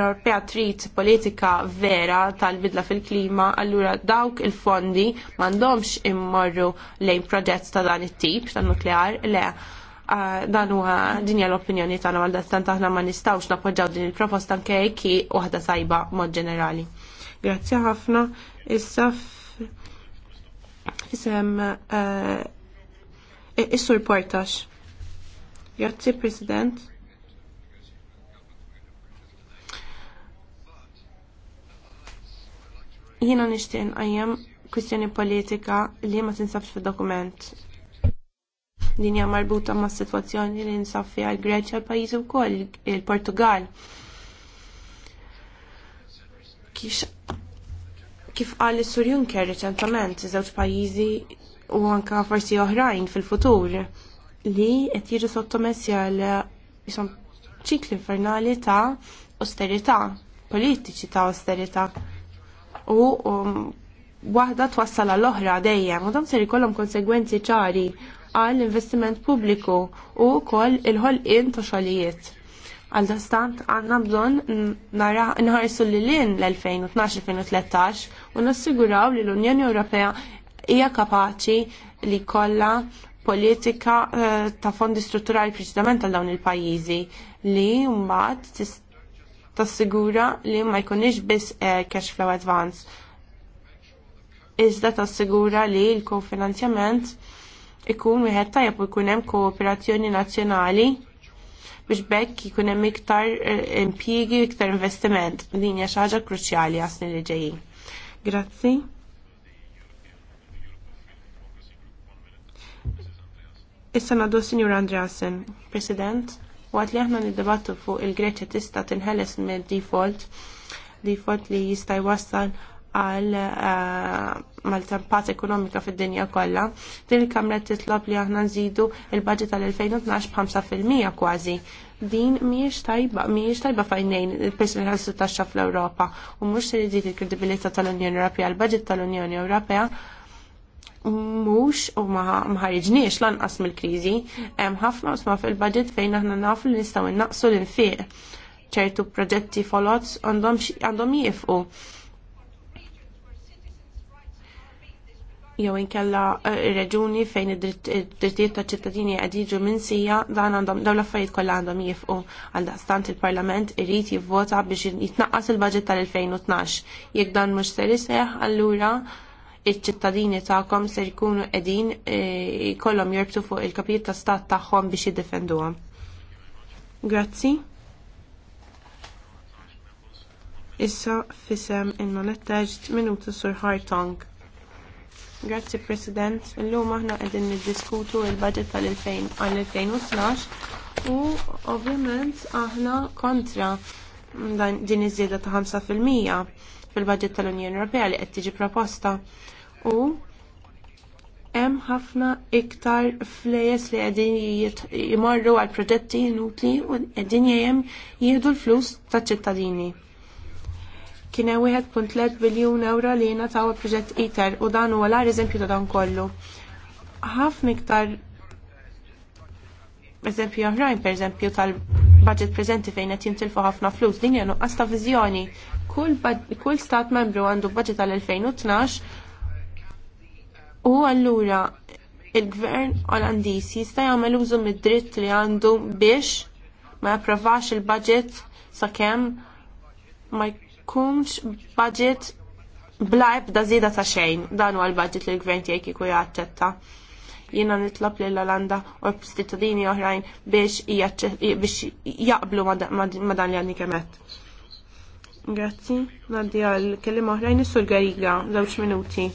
S2: Europea trid politika vera tal-bidla fil-klima, allura dawk il-fondi m'għandhomx immorru lejn proġett ta' dan it-tip ta' nuklear, le ah, dan huwa dinja l-opinjoni tagħna għal dastan aħna ma nistgħux nappoġġaw din il-proposta anke hi waħda sajba mod ġenerali. Grazzi ħafna. Issa Isem, uh, eh, Is-sur Portax. Grazzi, President. Jiena nixtieq nqajjem kwistjoni politika li ma tinsabx fid-dokument. Din hija marbuta ma' sitwazzjoni li nsab fiha l-Greċja l-pajjiżi wkoll il-Portugal. Kif qal is-Sur Juncker riċentament żewġ pajjiżi u anka forsi oħrajn fil-futur li qed jiġu sottomessi għal ċikli infernali ta' austerità, politiċi ta' austerità u waħda twassal għall oħra dejjem u dan ser ikollhom konsegwenzi ċari għall investiment pubbliku u wkoll il-ħolqien ta' xogħlijiet. Għal dastant għandna bżonn nħarsu lil lin l-2012-2013 u nassiguraw li l-Unjoni Ewropea hija kapaċi li kollha politika eh, ta' fondi strutturali preċedament għal dawn il-pajjiżi li mbagħad tassigura li ma jkunix biss eh, cash flow advance. Iżda tassigura li l-kofinanzjament ikun wieħed tajjeb u jkun hemm kooperazzjoni nazzjonali biex bekk jkun hemm iktar eh, impjiegi u iktar investiment. Din hija xi ħaġa kruċjali għasni li ġejjin. Grazzi. Issa nadu Signor Andreasen, President. Waqt li aħna niddebattu fuq il-Greċja tista' tinħeles minn default, default li jista' jwassal għal eh, mal-tempat ekonomika fid-dinja kollha, din il-Kamra titlob li aħna nżidu il-budget tal-2012 b'5% kważi. Din mhijiex tajba, mhijiex tajba fajnejn il-persuna tal-16 fl-Ewropa u mhux se jżid il-kredibilità tal-Unjoni Ewropea, il-budget tal-Unjoni Ewropea mhux u ma lanqas mill-kriżi, hemm ħafna osma fil-budget fejn aħna nafu li nistgħu innaqsu l-infieq. ċertu proġetti folots għandhom jifqu. jew inkella eh, reġuni fejn id-drittijiet ta' ċittadini qed jiġu minsija dan għandhom dawn l-affarijiet kollha għandhom jifqu għal daqstant il-Parlament irid jivvota biex jitnaqqas il budget tal-2012. Jekk dan mhux ser iseħħ allura iċ-ċittadini tagħkom se jkunu qegħdin e, jkollhom jorbtu fuq il-kapijiet ta' stat tagħhom biex jiddefenduhom. Grazzi. Issa fisem il-malettaġ minuta sur Hartong. Grazzi President, illum aħna qegħdin niddiskutu il-budget tal 2012 u ovvjament aħna kontra din iż-żieda ta' 5 fil-mija fil-budget tal-Unjoni Ewropea li qed tiġi proposta u hemm ħafna iktar flejes li qegħdin jmorru għal proġetti inutli u qegħdin jgħem jieħdu l-flus taċ-ċittadini. Kien hemm wieħed punt 1.3 biljun euro li jingħataw proġett ITER u dan huwa l-għar eżempju ta' dan kollu. Ħafna iktar eżempju oħrajn, pereżempju tal-budget preżenti fejn qed jintilfu ħafna flus, din hija nuqqas ta' viżjoni. Kull, kull stat membru għandu budget tal-2012 U allura il-gvern Olandiż jista' jagħmel użu mid-dritt li għandu biex ma jappravax il-budget sakemm ma jkunx budget bla ebda żieda ta' xejn dan huwa l-budget li l-gvern tiegħek jkun jaċċetta jiena nitlob lil Olanda u l-cittadini oħrajn biex jaqblu ma dan li għanni kemet. Grazzi, Nadja għall kellim oħrajn is-sur Gariga, żewġ minuti.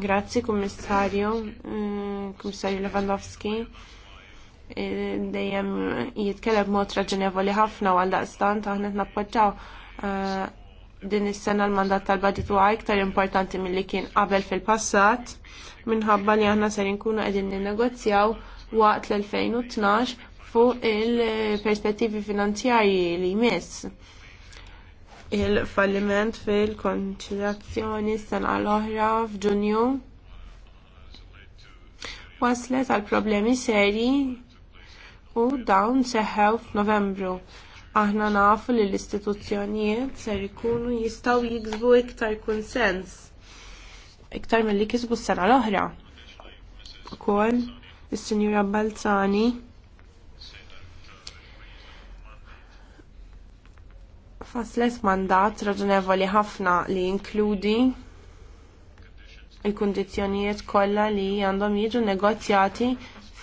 S2: Grazzi kummissarju, mm, kummissarju Lewandowski. E, dejjem jitkellem mod raġunevoli ħafna għal daqstant aħna nappoġġaw e, din is-sena l-mandat tal-budget huwa iktar importanti milli kien qabel fil-passat minħabba li aħna ser inkunu qegħdin ninnegozjaw waqt l-2012 fuq il-perspettivi finanzjarji li jmiss il-falliment fil-konċilazzjoni s-sena l-oħra f'Ġunju waslet għal problemi seri u dawn seħħew f'Novembru. Aħna nafu li l-istituzzjonijiet ser ikunu jistgħu jiksbu iktar kunsens. iktar mill-li kisbu s-sena l-oħra. Ukoll is-Sinjura Balzani fasles mandat raġunevoli ħafna li inkludi il-kondizjonijiet kollha li għandhom jiġu negozjati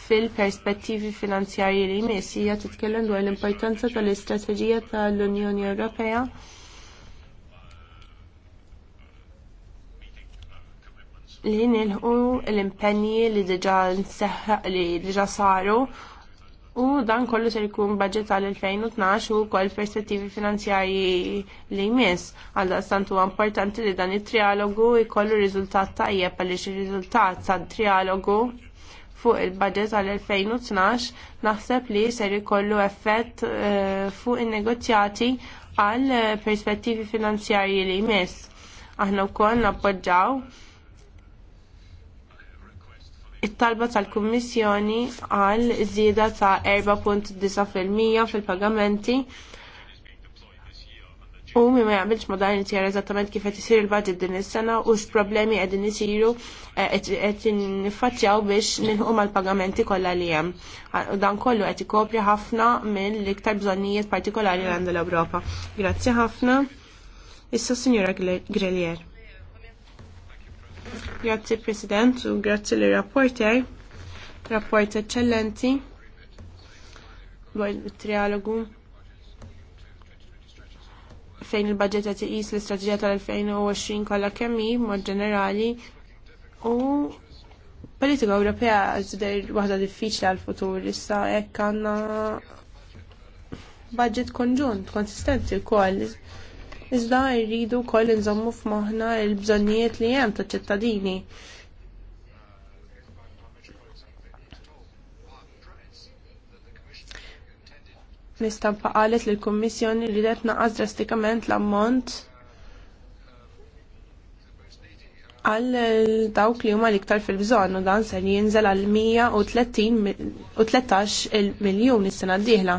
S2: fil-perspettivi finanzjarji li jmiss hija titkellem dwar l-importanza tal-istrateġija tal-Unjoni Ewropea li nilħu l-impenji li diġa' li diġà saru U dan kollu se jkun budget għal-2012 u kol perspettivi finanzjarji li jmiss. Għalda stant huwa importanti li dan it-trialogu jkollu riżultat tajjeb għaliex ir-riżultat tad-trialogu fuq il-budget għal-2012 naħseb li ser ikollu effett eh, fuq in-negozjati għal perspettivi finanzjarji li jmiss. Aħna wkoll nappoġġaw it-talba tal-Kummissjoni għal żieda ta' 4.9% fil-pagamenti u mi ma jaqbilx ma dan jitjar eżattament kif qed isir il-budget din is-sena u x'problemi qegħdin isiru eh, qed niffaċċjaw biex nilħu mal-pagamenti kollha li hemm. Dan kollu qed ikopri ħafna mill-iktar bżonnijiet partikolari għandu l-Ewropa. Grazzi ħafna. Issa Sinjura Grelier. Grazzi President u grazie li rapporter. Rapport eccellenti. Trialogu fejn il-budget għati iqis l istrategija tal-2020 kollha kemm hi mod ġenerali u politika Ewropea tidher waħda diffiċli għal futur issa hekk għandna budget konġunt konsistenti wkoll iżda jridu wkoll inżommu f'moħħna l-bżonnijiet li hemm taċ ċittadini. Nistampa qalet li l-Kummissjoni ridet naqas drastikament l-ammont għal dawk li huma l-iktar fil-bżonn u dan se jinżel għal 113 miljun is-sena d-dieħla.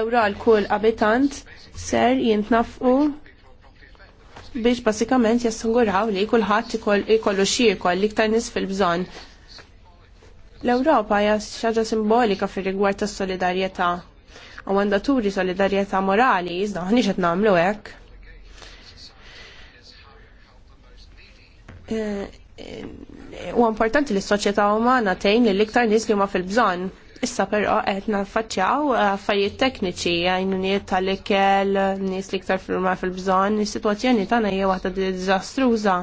S2: Ewra għal kull abitant ser jintnafqu biex basikament jassunguraw li kullħat ikollu xiekol li ktar nis fil-bżon. L-Ewropa hija xaġa simbolika fir-rigward tas-solidarjetà u għandha turi solidarjetà morali, iżda ħniex qed nagħmlu hekk. Eh, eh, u importanti li s-soċjetà umana tgħin li liktar iktar nies li huma fil-bżonn Issa però qed naffaċċjaw affarijiet tekniċi għajnuniet tal-ikel, nies li iktar firma fil-bżonn, is-sitwazzjoni tagħna hija waħda diżastruża.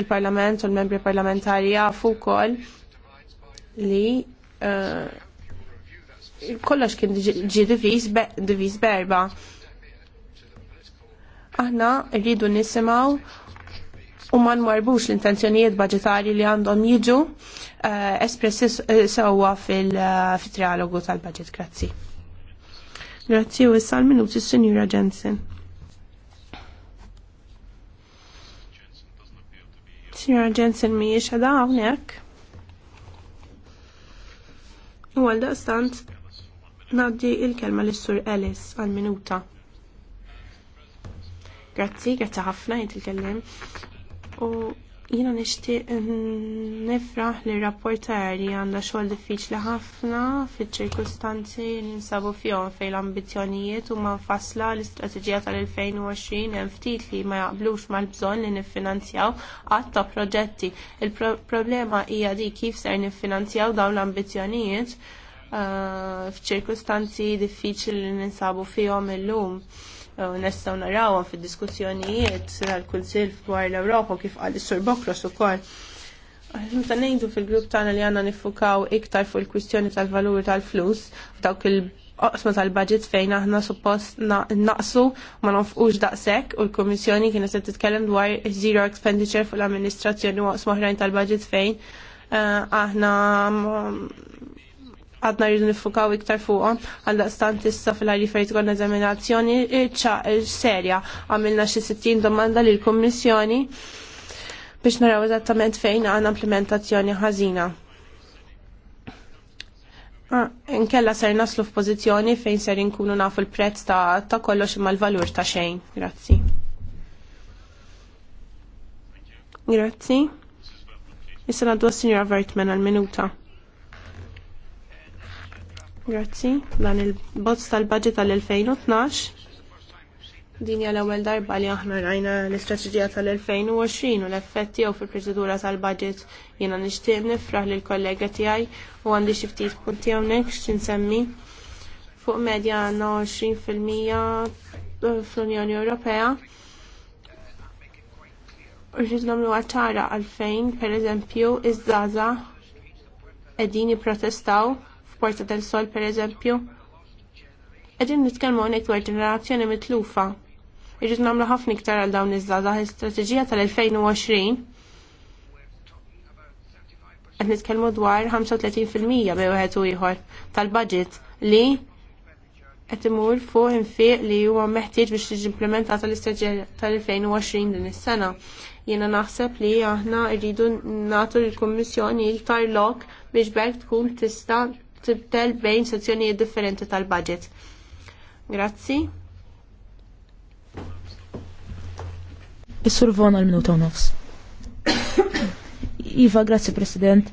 S2: Il-Parlament u l-membri parlamentari jafu wkoll li eh, kollox kien ġi diviż berba. Aħna rridu nisimgħu u ma nmarbux l-intenzjonijiet budgetari li għandhom jiġu eh, espressi eh, sewwa fil-trialogu eh, tal-budget. Grazzi. Grazzi u issa l-minuti s-Sinjura Jensen. Sinjura Jensen mi jiexada għawnek. U għalda stant naddi il-kelma l-Sur Ellis għal-minuta. Grazzi, grazzi ħafna jint il-kellim u jiena nixtieq nifraħ li rapporter li għandha xogħol diffiċli ħafna fit ċirkustanzi li nsabu fihom fejn l u huma nfassla l-istrateġija tal-2020 hemm ftit li ma jaqblux mal-bżonn li niffinanzjaw qatt ta' proġetti. Il-problema hija di kif ser niffinanzjaw dawn l-ambizzjonijiet eh, f'ċirkustanzi diffiċli li ninsabu fihom illum. lum nistgħu narawhom fid-diskussjonijiet għall-Kunsill dwar l-Ewropa kif qal is-Sur Bokros ukoll. Meta ngħidu fil-grupp tagħna li għandna niffukaw iktar fuq il-kwistjoni tal-valur tal-flus f'dawk il- qosma tal-budget fejn aħna suppost naqsu ma nofqux daqshekk u l-Kummissjoni kienet se titkellem dwar zero expenditure fuq l-amministrazzjoni u oqsma oħrajn tal-budget fejn eh, aħna għadna rridu nifukaw iktar fuqhom għalda stant issa fil-għarri fejt għon eżaminazzjoni serja għamilna xi 60 domanda lill kummissjoni biex naraw eżattament fejn għandna implementazzjoni ħażina. Ah, Nkella ser naslu f'pożizzjoni fejn ser inkunu nafu l-prezz ta', ta kollox imma l-valur ta' xejn. Grazzi. Grazzi. Issa naddu s-Sinjora Vertman għal-minuta. Grazzi, dan il-bozz tal-budget tal-2012 din hija l-ewwel darba li aħna rajna l-istrateġija tal-2020 u l-effetti jew fil-proċedura tal-budget jiena nixtieq nifraħ lil kollega tiegħi u għandi xi ftit punti hawnhekk x'insemmi fuq medja għandna 20% fl-Unjoni Ewropea. Rrid nagħmlu ċara għalfejn, pereżempju, iż-żaża qegħdin jipprotestaw Porta del Sol per eżempju. Qegħdin nitkellmu hawnhekk dwar ġenerazzjoni mitlufa. Irrid nagħmlu ħafna iktar għal dawn iż-żgħażagħ l tal-2020 qed nitkellmu dwar 35% bej wieħed u ieħor tal-budget li qed imur fuq infiq li huwa meħtieġ biex tiġi implementata l-istraġġija tal-2020 din is-sena. Jiena naħseb li aħna rridu nagħtu lill-Kummissjoni iktar tarlok biex bekk tkun tista' tibtel bejn sezzjonijiet differenti tal-budget. Grazzi.
S3: is Vona l minuta u nofs. Iva, grazzi President.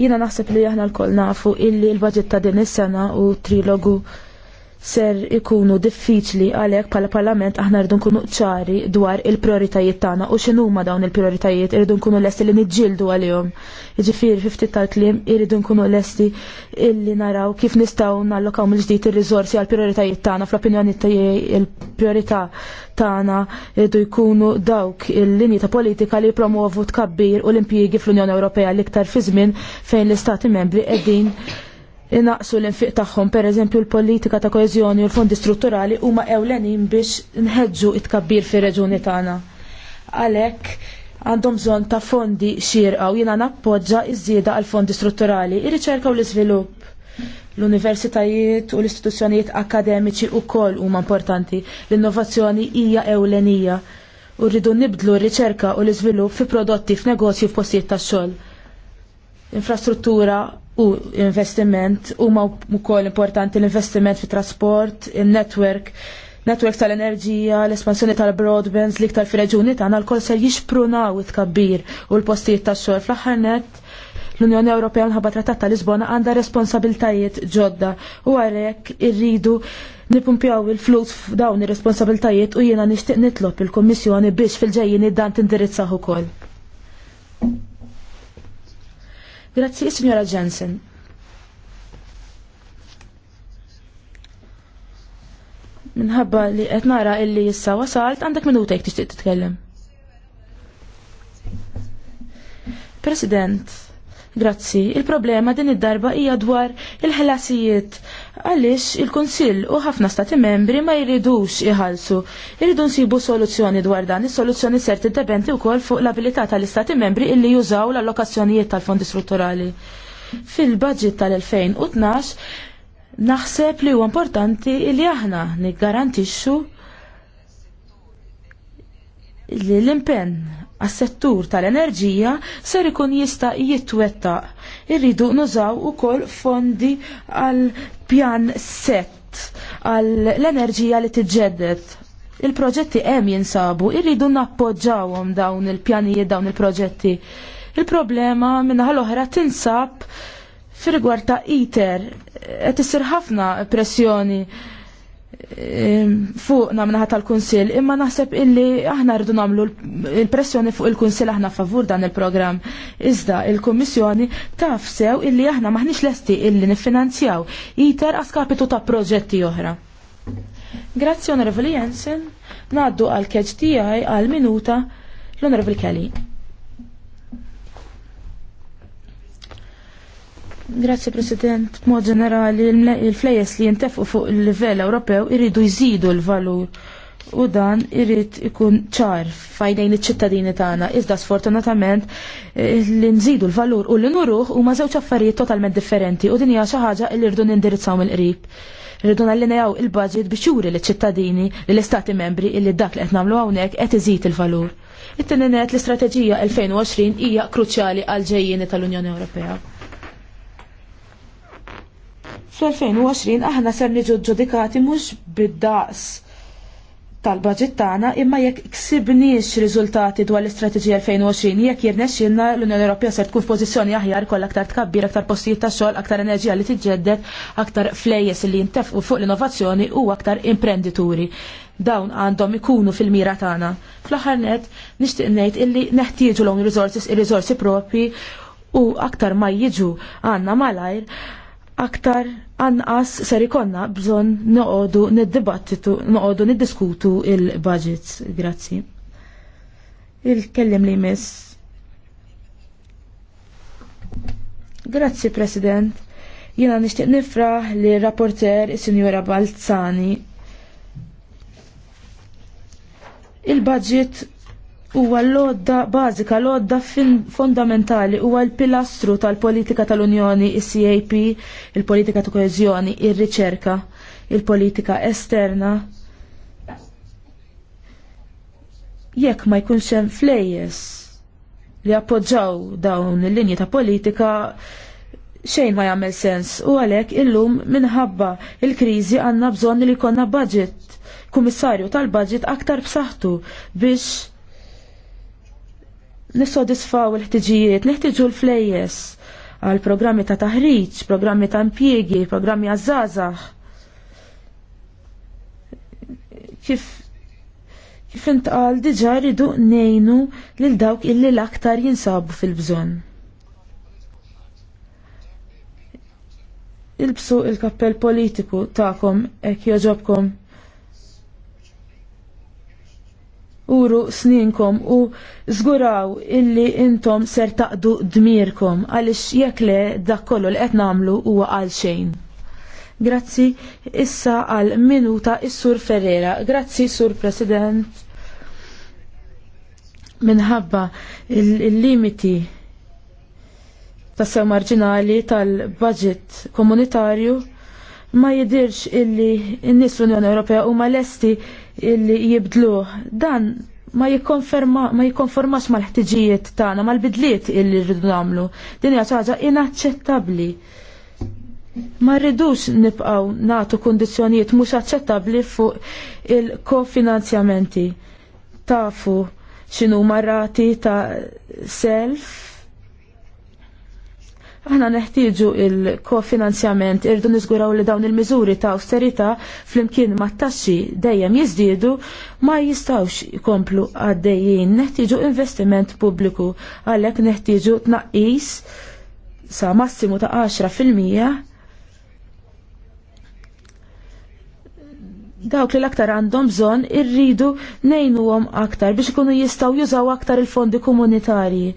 S3: Jina naħseb li aħna l kol nafu illi l-budget ta' din is-sena u trilogu ser ikunu diffiċli għalhekk bħala parlament aħna rridu nkunu ċari dwar il-prioritajiet tagħna u x'inhuma dawn il-prioritajiet irridu nkunu lesti li niġġieldu għalihom. Jiġifieri fi ftit tal-kliem irridu nkunu lesti illi naraw kif nistgħu nallokaw mill-ġdid ir-riżorsi għall prioritajiet tagħna fl-opinjoni tiegħi il-priorità tagħna irridu jkunu dawk il-linji ta' politika li jippromovu tkabbir u l-impjiegi fl-Unjoni Ewropea l-iktar fi żmien fejn l-Istati membri qegħdin inaqsu l-infiq tagħhom, pereżempju l-politika ta' koeżjoni u l-fondi strutturali huma ewlenin biex nħeġġu it-kabbir fir-reġuni tagħna. Għalhekk għandhom bżonn ta' fondi xierqa u jiena nappoġġa iż-żieda għal fondi strutturali, ir-riċerka u l-iżvilupp. L-universitajiet u l-istituzzjonijiet akademiċi wkoll huma importanti. L-innovazzjoni hija ewlenija u rridu nibdlu r-riċerka u l-iżvilupp fi prodotti f'negozju f'postijiet tax-xogħol. Infrastruttura u investiment u ma wkoll importanti l-investiment fi trasport, il-network, network tal-enerġija, l-espansjoni tal-broadbands li ktar fil-reġuni tagħna l-kol ser jixprunaw it-kabbir u l-postijiet tax-xogħol fl-aħħar net l-Unjoni Ewropea minħabba Trattat ta' Lisbona għandha responsabiltajiet ġodda u għalhekk irridu nipumpjaw il-flus f'dawn ir-responsabiltajiet u jiena nixtieq nitlob il-Kummissjoni biex fil ġejjini dan tindirizzaħ ukoll. Grazzi, signora Jensen. Minħabba li qed nara illi issa wasalt għandek minuta jekk tixtieq titkellem. President, grazzi, il-problema din id-darba hija dwar il ħlasijiet għaliex il-Kunsill u ħafna stati membri ma jridux iħalsu. Irridu nsibu soluzzjoni dwar dan. Is-soluzzjoni ser tiddependi wkoll fuq l-abilità tal-istati membri illi jużaw l-allokazzjonijiet tal-fondi strutturali. Fil-budget tal-2012 naħseb li huwa importanti li aħna niggarantixxu li l-impenn għas-settur tal-enerġija ser ikun jista' jitwettaq. Irridu nużaw ukoll fondi għal pjan set għal l-enerġija li tiġġedded. Il-proġetti hemm jinsabu, irridu nappoġġawhom dawn il-pjanijiet dawn il-proġetti. Il-problema minnaħa l-oħra tinsab fir-rigward ta' ITER qed isir ħafna pressjoni fuqna minnaħat tal-Kunsil, imma naħseb illi aħna rridu namlu il-pressjoni fuq il-Kunsil aħna favur dan il-programm. Iżda il-Kommissjoni taf sew illi aħna maħniex lesti illi nifinanzjaw jiter għaskapitu ta' proġetti oħra. Grazzi Onorevoli Jensen, naddu għal-keġ tijaj għal-minuta l-Onorevoli Kelly. Grazie President, b'mod ġenerali il-flejes li jintefqu fuq il-livell Ewropew irridu jżidu l-valur u dan irrid ikun ċar fajnejn iċ-ċittadini tagħna. Iżda sfortunatament eh, li nżidu l-valur u li nuruh huma żewġ affarijiet totalment differenti u din hija xi ħaġa li rridu nindirizzaw mill-qrib. Rridu nallinejaw il-budget biex juri liċ-ċittadini li l-istati membri illi dak li qed nagħmlu hawnhekk qed iżid il-valur. It-tieni l-istrateġija 2020 hija kruċjali għal ġejjieni tal-Unjoni Ewropea. Fl-2020 aħna ser niġu ġudikati mhux bid-daqs tal-budget tagħna imma jekk ksibniex riżultati dwar l-istrateġija 2020 jekk jirnexxilna l-Unjoni Ewropea ser tkun f'pożizzjoni aħjar kollha aktar tkabbir, aktar postijiet ta' xogħol, aktar enerġija li tiġġedded, aktar flejjes li jintefqu fuq l-innovazzjoni u aktar imprendituri. Dawn għandhom ikunu fil-mira tagħna. Fl-aħħar net nixtieq ngħid illi neħtieġu l-own ir-riżorsi propri u aktar ma jiġu għandna malajr aktar anqas ser ikonna bżon noqodu niddibattitu, noqodu niddiskutu il-budgets. Grazzi. Il-kellim li miss. Grazzi, President. Jina nishtiq nifraħ li rapporter il-Sinjora Balzani. Il-budget huwa l lodda bażika, l lodda fondamentali, huwa l-pilastru tal-politika tal-Unjoni, is-CAP, il politika ta' koeżjoni, ir-riċerka, il politika esterna. Jekk ma jkunx hemm flejjes li appoġġaw dawn il-linji ta' politika, xejn ma jagħmel sens u għalhekk illum minħabba il-kriżi għandna bżonn li jkollna budget, kummissarju tal-budget aktar b'saħħtu biex nissodisfaw il-ħtiġijiet, neħtiġu l-flejjes għal programmi ta' taħriġ, programmi ta' impjiegi, programmi għazzazax. Kif kif intqal diġa rridu nejnu lil dawk illi l-aktar jinsabu fil-bżonn. Ilbsu il-kappell politiku ta'kom ek joġobkom. uru sninkom u zguraw illi intom ser taqdu dmirkom għalix jekk le dak kollu li qed nagħmlu huwa għal xejn. Grazzi issa għal minuta is-Sur Ferrera. Grazzi Sur President. Minħabba il-limiti ta' sew marġinali tal-budget komunitarju ma jidirx illi n-nis l-Unjoni Ewropea huma lesti illi jibdluh. Dan ma jikkonformax mal-ħtiġijiet tagħna, mal-bidliet illi rridu nagħmlu. Din hija ħaġa inaċċettabbli. Ma rridux nibqgħu nagħtu kundizzjonijiet mhux aċċettabbli fuq il-kofinanzjamenti. Tafu x'inhu marrati ta' self Aħna neħtieġu il-kofinanzjament irdu niżguraw li dawn il-miżuri ta' austerità flimkien ma' taxxi dejjem jiżdiedu ma jistawx jkomplu għaddejjin. Neħtieġu investiment pubbliku għalhekk neħtieġu tnaqqis sa massimu ta' 10% fil-mija. dawk li l-aktar għandhom bżonn irridu nejnuhom aktar biex ikunu jistgħu jużaw aktar il-fondi komunitarji.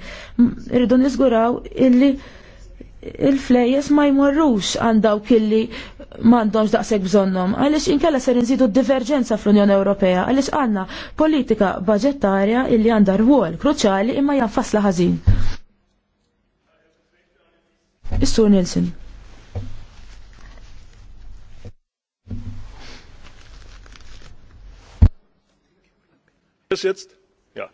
S3: Irridu niżguraw illi il-flejes ma jmorrux għan killi illi m'għandhomx daqshekk bżonnhom, għaliex inkella ser nżidu diverġenza fl-Unjoni Ewropea, għaliex għandna politika budgetarja illi għandha rwol kruċali imma janfasla ħażin. Is-Sur
S2: Ja.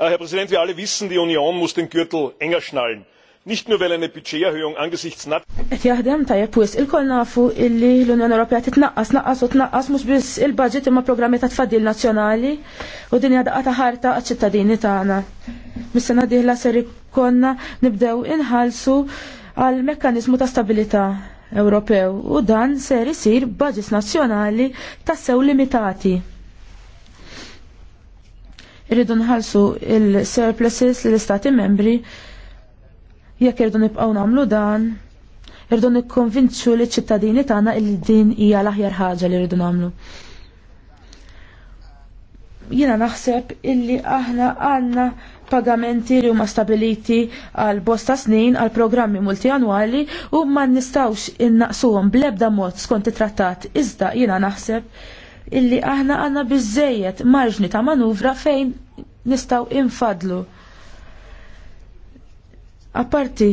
S2: Äh, Herr Präsident, wir alle wissen, die Union muss den Gürtel enger schnallen nicht nur weil eine Budgeterhöhung angesichts nat
S3: Qed jaħdem tajjeb wis ilkoll nafu illi l-Unjoni Ewropea titnaqqas naqqas u tnaqqas mhux biss il-budget imma programmi ta' tfaddil nazzjonali u din hija daqqa ta' ħarta għaċ-ċittadini tagħna. Mis-sena dieħla ser ikonna nibdew inħalsu għal mekkaniżmu ta' stabilità Ewropew u dan ser isir budgets nazzjonali tas-sew limitati irridu nħalsu il-surpluses l-istati membri Jekk irdu nibqgħu nagħmlu dan, irdu nikkonvinċu li ċittadini tagħna il din hija l-aħjar ħaġa li rridu nagħmlu. Jiena naħseb illi aħna għandna pagamenti li huma stabiliti għal bosta snin għal programmi multianwali u ma nistawx innaqsuhom bl-ebda mod skont it-trattat iżda jiena naħseb illi aħna għandna biżejjed marġni ta' manuvra fejn nistaw infadlu Apparti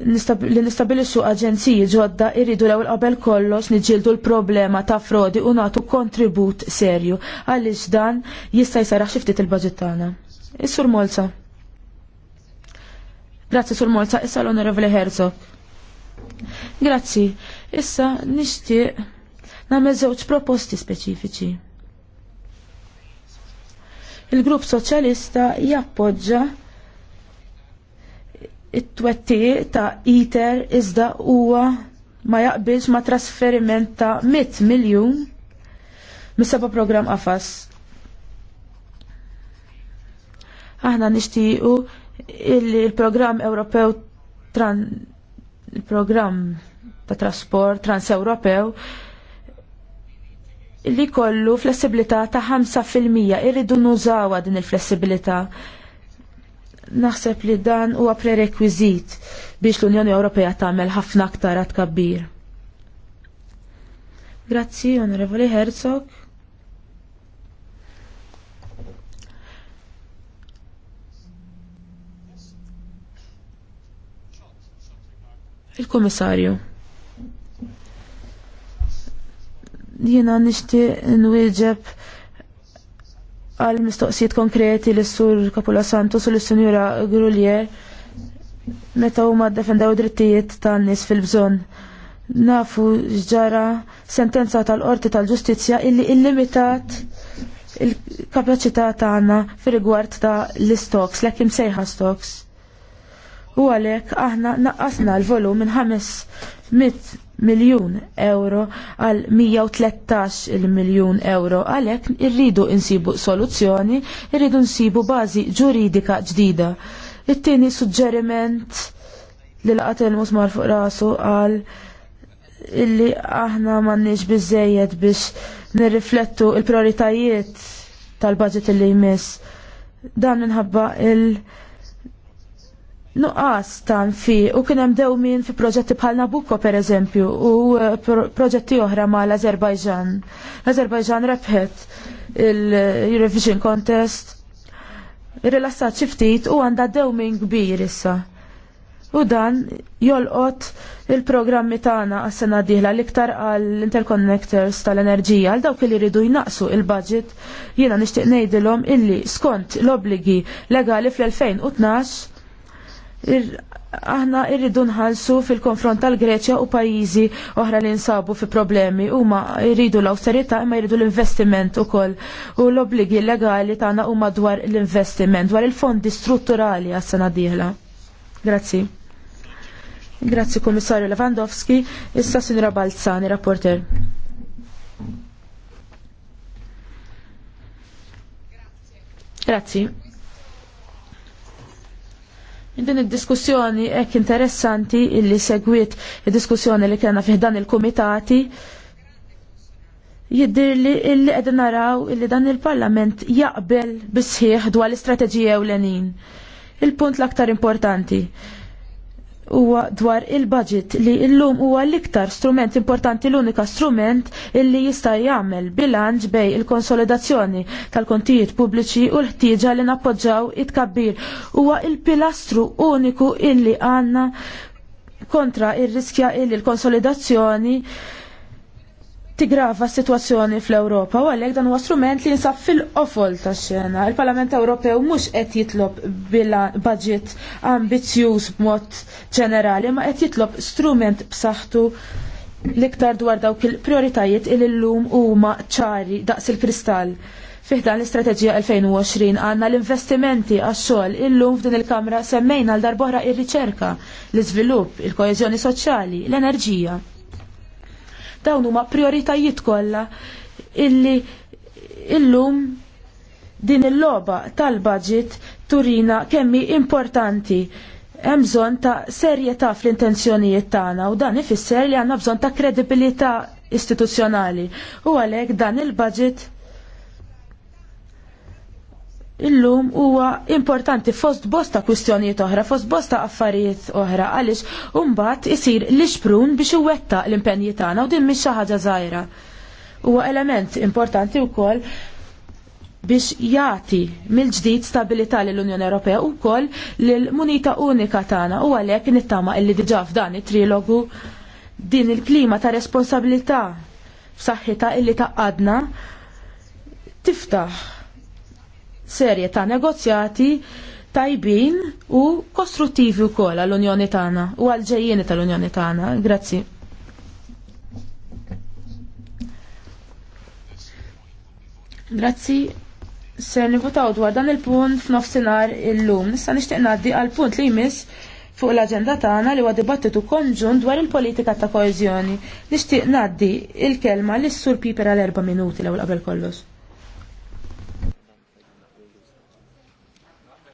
S3: li nistabilixxu aġenziji ġodda irridu l-ewwel qabel kollox niġġieldu l-problema ta' frodi u nagħtu kontribut serju għaliex dan jista' jsaraħ xi ftit il-baġit tagħna. Is-Sur Molza. Grazzi Sur Molza, issa l-Onorevoli Herzog. Grazzi, issa nixtieq nagħmel żewġ proposti speċifiċi. Il-Grupp Soċjalista jappoġġa it-twetti ta' ITER iżda huwa ma jaqbilx ma' trasferiment ta' 100 miljun mis-seba' programm qafas. Aħna nixtiequ illi l-programm Ewropew tran il-programm ta' trasport trans-Ewropew li kollu flessibilità ta' 5% irridu nużawa din il-flessibilità Naħseb li dan huwa prerekwiżit biex l-Unjoni Ewropea tagħmel ħafna aktar għad kabbir. Grazzi, Onorevoli Herzog. Il-Komissarju. Jiena nixtieq nwieġeb għal mistoqsijiet konkreti l sur Kapula Santos u l-Sinjura Grulier meta huma defendaw drittijiet tan nies fil-bżonn. Nafu ġara sentenza tal-Qorti tal-Ġustizzja illi illimitat il-kapaċità tagħna fil rigward ta' l-istoks, l kim sejħa stoks. U għalhekk aħna naqqasna l-volum minn 500 miljun euro għal 113 il miljun euro għalhekk irridu insibu soluzzjoni, irridu nsibu bażi ġuridika ġdida. It-tieni suġġeriment li laqat il-musmar fuq rasu għal illi aħna m'għandniex bizzejed biex nirriflettu il-prioritajiet tal-budget li jmiss. Dan minħabba il- nuqqas tan fi u kien hemm dewmin fi proġetti bħal Nabucco pereżempju u eh, proġetti oħra mal l-Azerbajġan. L-Azerbajġan rebħet il-Eurovision Contest rilassat xi ftit u għandha dewmin kbir issa. U dan jolqot il-programmi tagħna għas-sena diħla l-iktar għall interconnectors tal-enerġija għal dawk li jridu jnaqsu il-budget jiena nixtieq ngħidilhom illi skont l-obligi legali fl-2012 aħna irridu nħallsu fil-konfront tal-Greċja u pajjiżi oħra li nsabu fi problemi huma jridu l-awsterità imma jridu l-investiment ukoll u l-obbligi legali tagħna huma dwar l-investiment dwar il-fondi strutturali għas-sena dieħla. Grazzi. Grazzi Kummissarju Lewandowski, issa Sinra Balzani, rapporter. Grazie. Din id-diskussjoni hekk interessanti illi segwit id-diskussjoni li kena fiħdan il-komitati li illi qegħdin naraw illi dan il-Parlament jaqbel bisħieħ dwar l-istrateġija ewlenin. Il-punt l-aktar importanti huwa dwar il-budget li illum huwa l-iktar strument importanti l-unika strument illi jista' jagħmel bilanċ bej il-konsolidazzjoni tal-kontijiet pubbliċi u l-ħtieġa li nappoġġaw it-kabbir huwa il-pilastru uniku illi għandna kontra ir-riskja illi l-konsolidazzjoni il tigrava s-situazzjoni fl-Ewropa u għalhekk dan huwa strument li jinsab fil-qofol tax-xena. Il-Parlament Ewropew mhux qed jitlob budget ambizzjuż b'mod ġenerali, ma qed jitlob strument b'saħħtu l-iktar dwar dawk il-prioritajiet il llum huma ċari daqs il-kristall. Fiħdan l-istrateġija 2020 għanna l-investimenti għax-xogħol illum f'din il-Kamra semmejna l-darbohra ir-riċerka, l-iżvilupp, il-koeżjoni soċjali, l-enerġija. Dawn huma prioritajiet kollha illi illum din il-loba tal-budget turina kemmi importanti hemm bżonn ta' serjetà fl-intenzjonijiet tagħna u dan ifisser li għandna bżonn ta' kredibilità istituzzjonali u għalhekk dan il-budget illum huwa importanti fost bosta kwistjonijiet oħra, fost bosta affarijiet oħra, għaliex umbat isir li xprun biex wetta l-impenji tagħna u din mhix xi ħaġa żgħira. Huwa element importanti wkoll biex jati mill-ġdid stabilità l unjoni Ewropea u koll l-munita unika tagħna u għalhekk nittama illi diġà f'dan it-trilogu din il-klima ta' responsabilità b'saħħitha illi għadna tiftaħ serje ta' negozjati tajbin u kostruttivi wkoll għall-Unjoni tagħna u għall ġejjeni tal-Unjoni tagħna. Grazzi. Grazzi. Ser nivutaw dwar dan il-punt f'nofsinhar illum. Issa nixtieq ngħaddi għal punt li jmiss fuq l-aġenda tagħna li huwa dibattitu konġunt dwar il-politika ta' koeżjoni. Nixtieq ngħaddi il-kelma lis sur Piper għal erba' minuti l-ewwel qabel kollox.